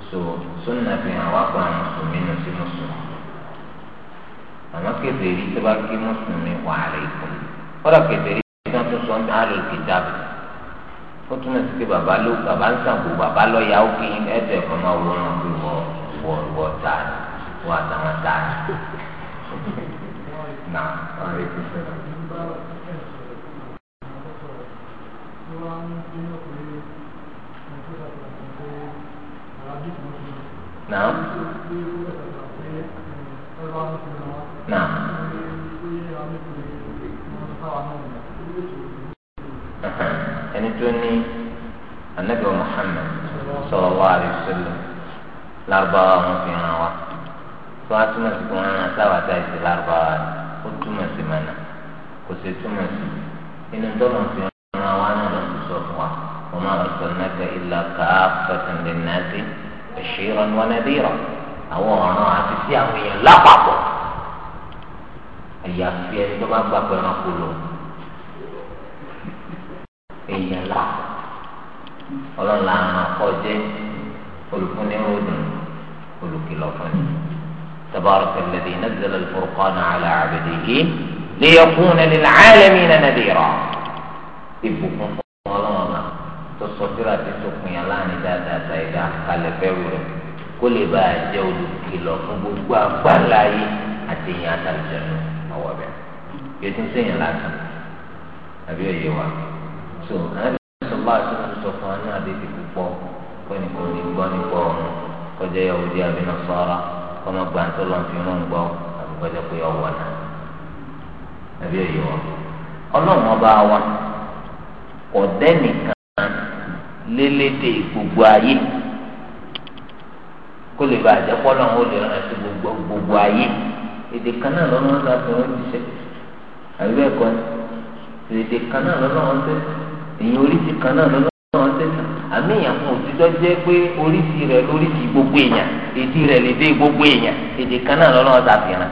so súnà fi hàn wá pa àwọn mùsùlùmí nù sí mùsùlùmí àmọ́ kèfèrí tó bá kí mùsùlùmí wà rẹ̀ kù kọ́dà kèfèrí tó tó sọ ní àlọ́ ìkìjáàbù ó túmọ̀ sí pé bàbá ló bàbá ń sàgbó bàbá lọ́ọ̀yà ó kí ẹ̀jẹ̀ kan máa wọ ọ́n pé wọ́ wọ́ wọ́ ta ni wọ́ àtàwọn ta ni. Nà ọ̀rẹ́ náà. ẹni tó ní anabi muhammed sallallahu alaihi wasallam lárúbáwá wọn fi hàn wá tó a túmọ̀ sí kí wọ́n rán sáwà tá ìsì lárúbáwá ó túmọ̀ sí mọ́nà kò sì túmọ̀ sí inú tọ́lọ̀ fi hàn wá náà lọ sí sọ fún wa wọ́n máa rọ̀ sọ̀rọ̀ náà kẹ́ ilà káfíńtì lè nàá sí bashiran wa nadira àwọn ọ̀ràn àti sí àwọn èèyàn lápapọ̀ ẹ̀yà fi ẹni tó bá gbàgbọ́ ẹranko lò èèyàn là ọlọ́run là ń kọjẹ́ olùfúnni ròdùn olùkìlọ̀ fúnni تبارك الذي نزل الفرقان على عبده ليكون للعالمين نذيرا ìbùkún fún ọlọ́run ọ̀la tó sọ síra tí sọkùn yàn láàrin dáadáa ṣàìdá kalẹ̀ fẹ́rù rẹ̀ kó lè bá a jẹ́ olùkìlọ̀ fún gbogbo àgbáńlá yìí àti ìyẹn àtàlùjọ́nù ọwọ́ bẹ́ẹ̀ kẹtù sẹ́yìn lásán àbí ẹ̀yẹ wa so àbí sọ́kọ́ àtúntò sọ fún anú àdéhì púpọ̀ kọ́ni kò ní gbọ́ ní gbọ́ ọ̀hún kọjá yà òdi àbí nà sọ́ra kọ́mọ gbàǹtọ́ lọ́n fi rún gbọ́ àbí kọjá pé ọwọ́ náà àbí ẹ̀yẹ wa ọlọ́run ọba wa kò dẹ́nìkan lélédè gbogbo ayé kó lè bàjẹ́ pọ́lọ́run ó lè rán ẹ̀ gbogbo ayé èdè kan náà lọ́nà wọn láti wọn jíṣẹ́ àbí ẹ̀kọ́ ni èdè kan náà lọ́nà wọn tẹ́ èyàn oríṣi kan náà lọ́nà wọn tẹ́ àmì èèyàn fún òtítọ́ jẹ́ pé oríṣi rẹ̀ lóríṣi gbogbo èèyàn èdè rẹ̀ lédè gbogbo èèyàn èdè kan náà lọ́nà wọn ṣàfihàn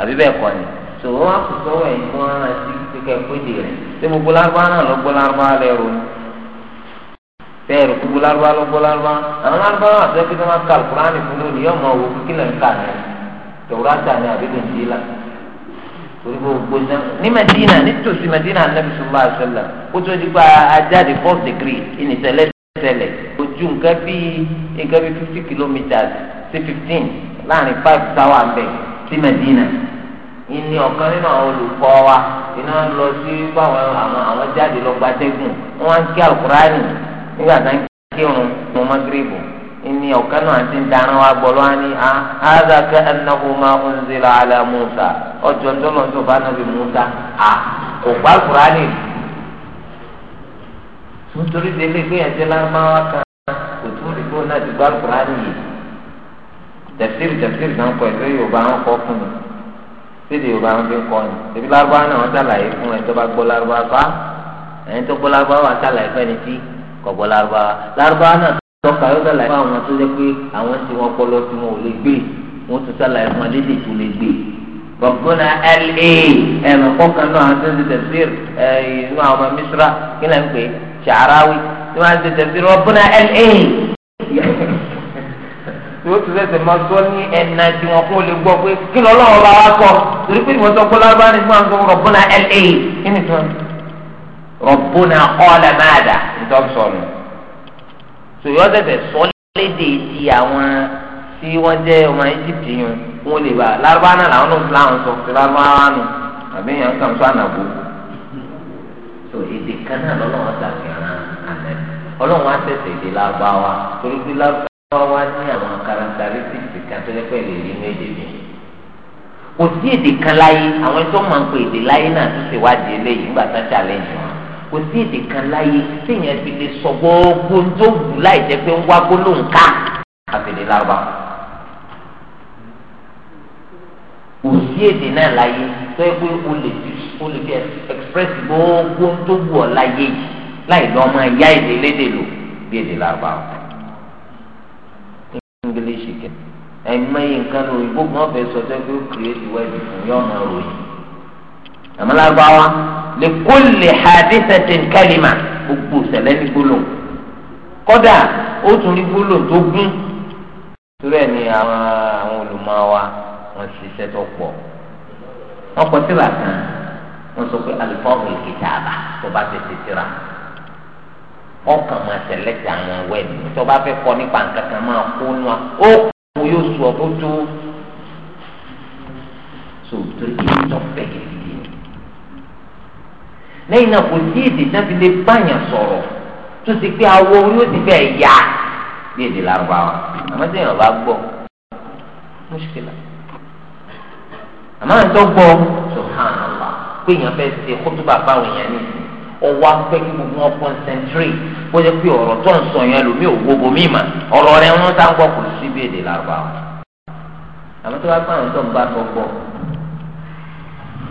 àbí bẹ́ẹ̀ kọ́ ni tò wọn kò sọ́wọ́ ẹ̀ fún ara sí kíkẹ́ pédè rẹ̀ ṣé gbogbo lárúbá náà lọ gbọ́ lárúbá lẹ́rù ni bẹ́ẹ̀rù gbogbo lárúbá lọ gbọ́ lárúbá àwọn lárúbá náà àti tòwúrátà ni àbí mẹdínà torí gbogbo náà ní mẹdínà nítòsí mẹdínà anabi sọlá àṣẹlẹ ó tún ti gba ajáde fourth degree ìní tẹlẹ tẹlẹ ojú nǹkan bíi nǹkan bíi fifty kilometres sí fifteen láàrin five tower mbẹ sí mẹdínà ìní ọ̀kan nínú àwọn olùkọ́ wa iná lọ sí báwọn àwọn àwọn jáde lọ gbatẹ́gùn wọn á ń kí alukurani nígbà tá ń kírun ní ọmọ إني ọ̀kan náà ti ń dáná هذا gbọ́ lọ́wọ́ ni a ága kẹ́ ẹnáwó máa ń zèlè àlẹ́ Musa ọjọ́ ńdọ́nà tó bá nàbí Musa a ah, kò gbá Kùránì nítorí délé pé ẹ̀jẹ̀ lárúbáwá kan kò tún rí bó náà ti gbá Kùránì yìí tẹ̀síìrì tẹ̀síìrì náà kọ ẹ̀sẹ̀ Yorùbá ń kọ́ fún mi sídìí Yorùbá ń fi ni ebi lárúbáwá náà wọ́n sàlàyé fún ẹ̀ tó bá gbọ́ lárúbáwá fa ẹ̀ tó gbọ́ lárúbáwá sàlàyé fún ẹni tí kò gbọ́ lárúbáwá lárúbáwá náà tọ́ka yóò sàlàyé fún àwọn tó jẹ́ pé àwọn tí wọ́n pọlọ tí wọ́n ò lè gbé wọ́n tún sàlàyé fún adédè lè gbé. la ẹ̀mọ̀ kọ́kan náà àwọn tó ń ṣe tẹ̀síìr inú àwọn ọmọ misra kí ló ń pè é ṣàráwí tí la tí ó tún fẹsẹ̀ máa sọ ní ẹ̀nà tí wọ́n kún lè gbọ́ pé kí lọ́ la sòyọ́ tẹ̀tẹ̀ sọ́lédè ti àwọn tí wọ́n jẹ́ ọmọ Egypt yẹn wọ́n lè bá lárúbá náà làwọn náà fúláwọn sọ sí lárúbá náà nù àbí yẹn kàn sọ so èdè kan náà lọ́lọ́wọ́ sàfihàn ànàbó ọlọ́wọ́ àtẹ̀tẹ̀ èdè wa torí pé lárúbá wa ní àwọn kàràtàrítìsì kan tó lẹ́pẹ́ lè rí mi kò sí èdè kan láyé àwọn máa ń pè kò sí èdè kan láyé téèyàn fi lè sọ gbogbo tó wù láì jẹ́ pé ń wá gbólóhùn ká àfẹlẹ lárúbá kò sí èdè náà láyé tó yẹ pé o lè fi o lè fi express gbogbo tó wù ọ láyé yìí láì lọ ọmọ ẹ̀yà èdè lédè lò bí èdè lárúbá English kẹ ẹ mẹyìn nǹkan lóyìnbó gbọ́n fẹ́ sọ tó pé ó kìrìẹ́tì wẹ́ẹ̀dì fún yọ̀ọ̀mọ̀ ròyìn àmọ́ lárúbáwá lè kó lè hadithatin kalima gbogbo sẹlẹ̀ ní gbólóhùn kódà ó tún rí gbólóhùn tó gún torí ẹ̀ ní àwọn àwọn olùmọ̀ wa wọ́n ti ṣiṣẹ́ tó pọ̀ wọ́n kọ síra kan wọ́n sọ pé alifọ́ọ̀mù ìkìtàbà tó bá ti ti síra wọ́n kàn máa sẹ̀lẹ̀tì àwọn wẹ́ẹ̀bù tó bá fẹ́ kọ́ nípa nǹkan kan máa kó nu wa ó kú yóò sùn ọ́ tó tó so torí kí n tọ́ lẹ́yìn náà kò sí èdè tí wọ́n fi lè báyàn sọ̀rọ̀ tó ti pé awọ orí ó ti fẹ́ yá bí èdè lárúbáwá àmọ́ tí èèyàn bá gbọ́ mùṣkílà àmọ́ àtọ́ gbọ́ subhanallah pé èèyàn fẹ́ ṣe kótóbà báwọn èèyàn ní ìsìn ọwọ́ afẹ́ kí gbogbo wọn concentrate bó ṣe pé ọ̀rọ̀ tó ń sọ yẹn lómi ò wo bomi mà ọ̀rọ̀ rẹ̀ wọ́n sá ń gbọ́ kò sí bí èdè lárúbáwá àmọ́ tó bá gbọ́ àwọn tó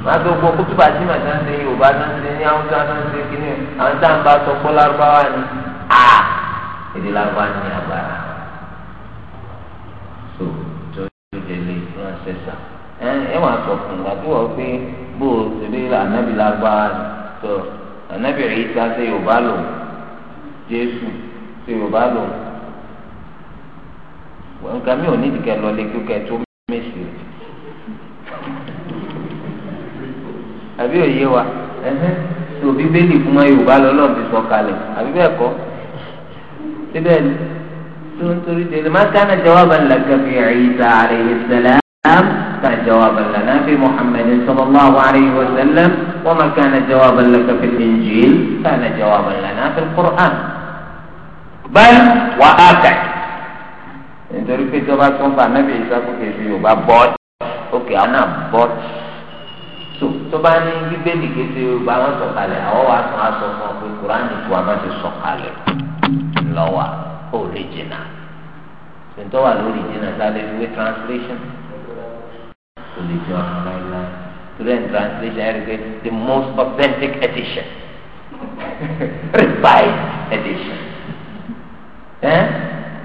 máa tó gbọ́ kútùbà tí màá tán ṣe yorùbá tán ṣe ní àwọn tán tán ṣe kíní àwọn tá à ń bá sọ pé lárúbáwá ni à èdè lárúbáwá ni agbára so tó délé wọn ṣẹṣà ẹ ẹ wàá sọ fún wa tí wọn pé bó o ṣèlè ànábì lárúbáwá ni tó ànábì Ìsá ṣe yorùbá lò Jésù ṣe yorùbá lò nǹkan mi ò ní ìdíkẹ lọ lé kí tó mẹsì rẹ. àbí òye wa tó bíbélì fún wa yorùbá lọ́lọ́run ti sọ kalẹ̀ àbí bẹ́ẹ̀ kọ́ síbẹ̀ ni tó ń torí délé má kánà jawaban laka fi Isa alayhi salam كان جوابا لنا في محمد صلى الله عليه وسلم وما كان جوابا لك في الإنجيل كان جوابا لنا في القرآن بل وآكد nítorí pé tí wọ́n bá tún fa anábìyí sáfù kejì yorùbá bọ́ọ̀tì ókè àwọn náà bọ́ọ̀tì So, tó bá ní bíbélì kété yorùbá wọn sọ̀kalẹ̀ àwọn wa sọ aṣọ fún ọ pé kúránì tó a má ti sọ̀kalẹ̀ lọ́wọ́ original tòǹtọ́ wà lórí original sáré wíwé translation kò lè jọ àwọn láéláé translation ẹ̀ the most authentic edition revised edition ẹ̀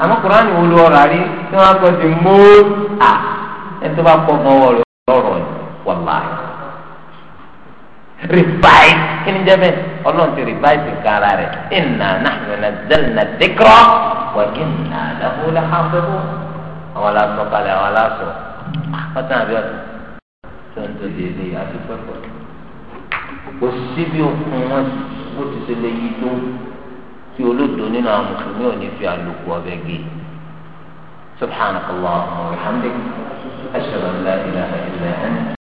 àmọ́ kúránì wo ló ọ̀rọ̀ àrí tí wọ́n á kọ́ the most ah ẹ̀ tó bá kọ́ mọ́ ọ̀rọ̀ lọ́rọ̀ yìí wàláyé rìbáì kí ni jẹ́ bẹ́ẹ̀ ọlọ́run ti rìbáì sí kára rẹ̀ inna nahnu nazzalna dhikra wa inna lahu lahafizun àwọn aláṣọ kalẹ̀ àwọn aláṣọ ọ̀tún àbí ọ̀tún tó ń tó di ilé àti pẹ́pọ̀ kò sí bí okun wọn bó ti ṣe lè yí tó tí olódò nínú àwọn mùsùlùmí ò ní fi àlòkù ọbẹ̀ gé subhanakallahumma wa bihamdik ashhadu an la ilaha illa anta.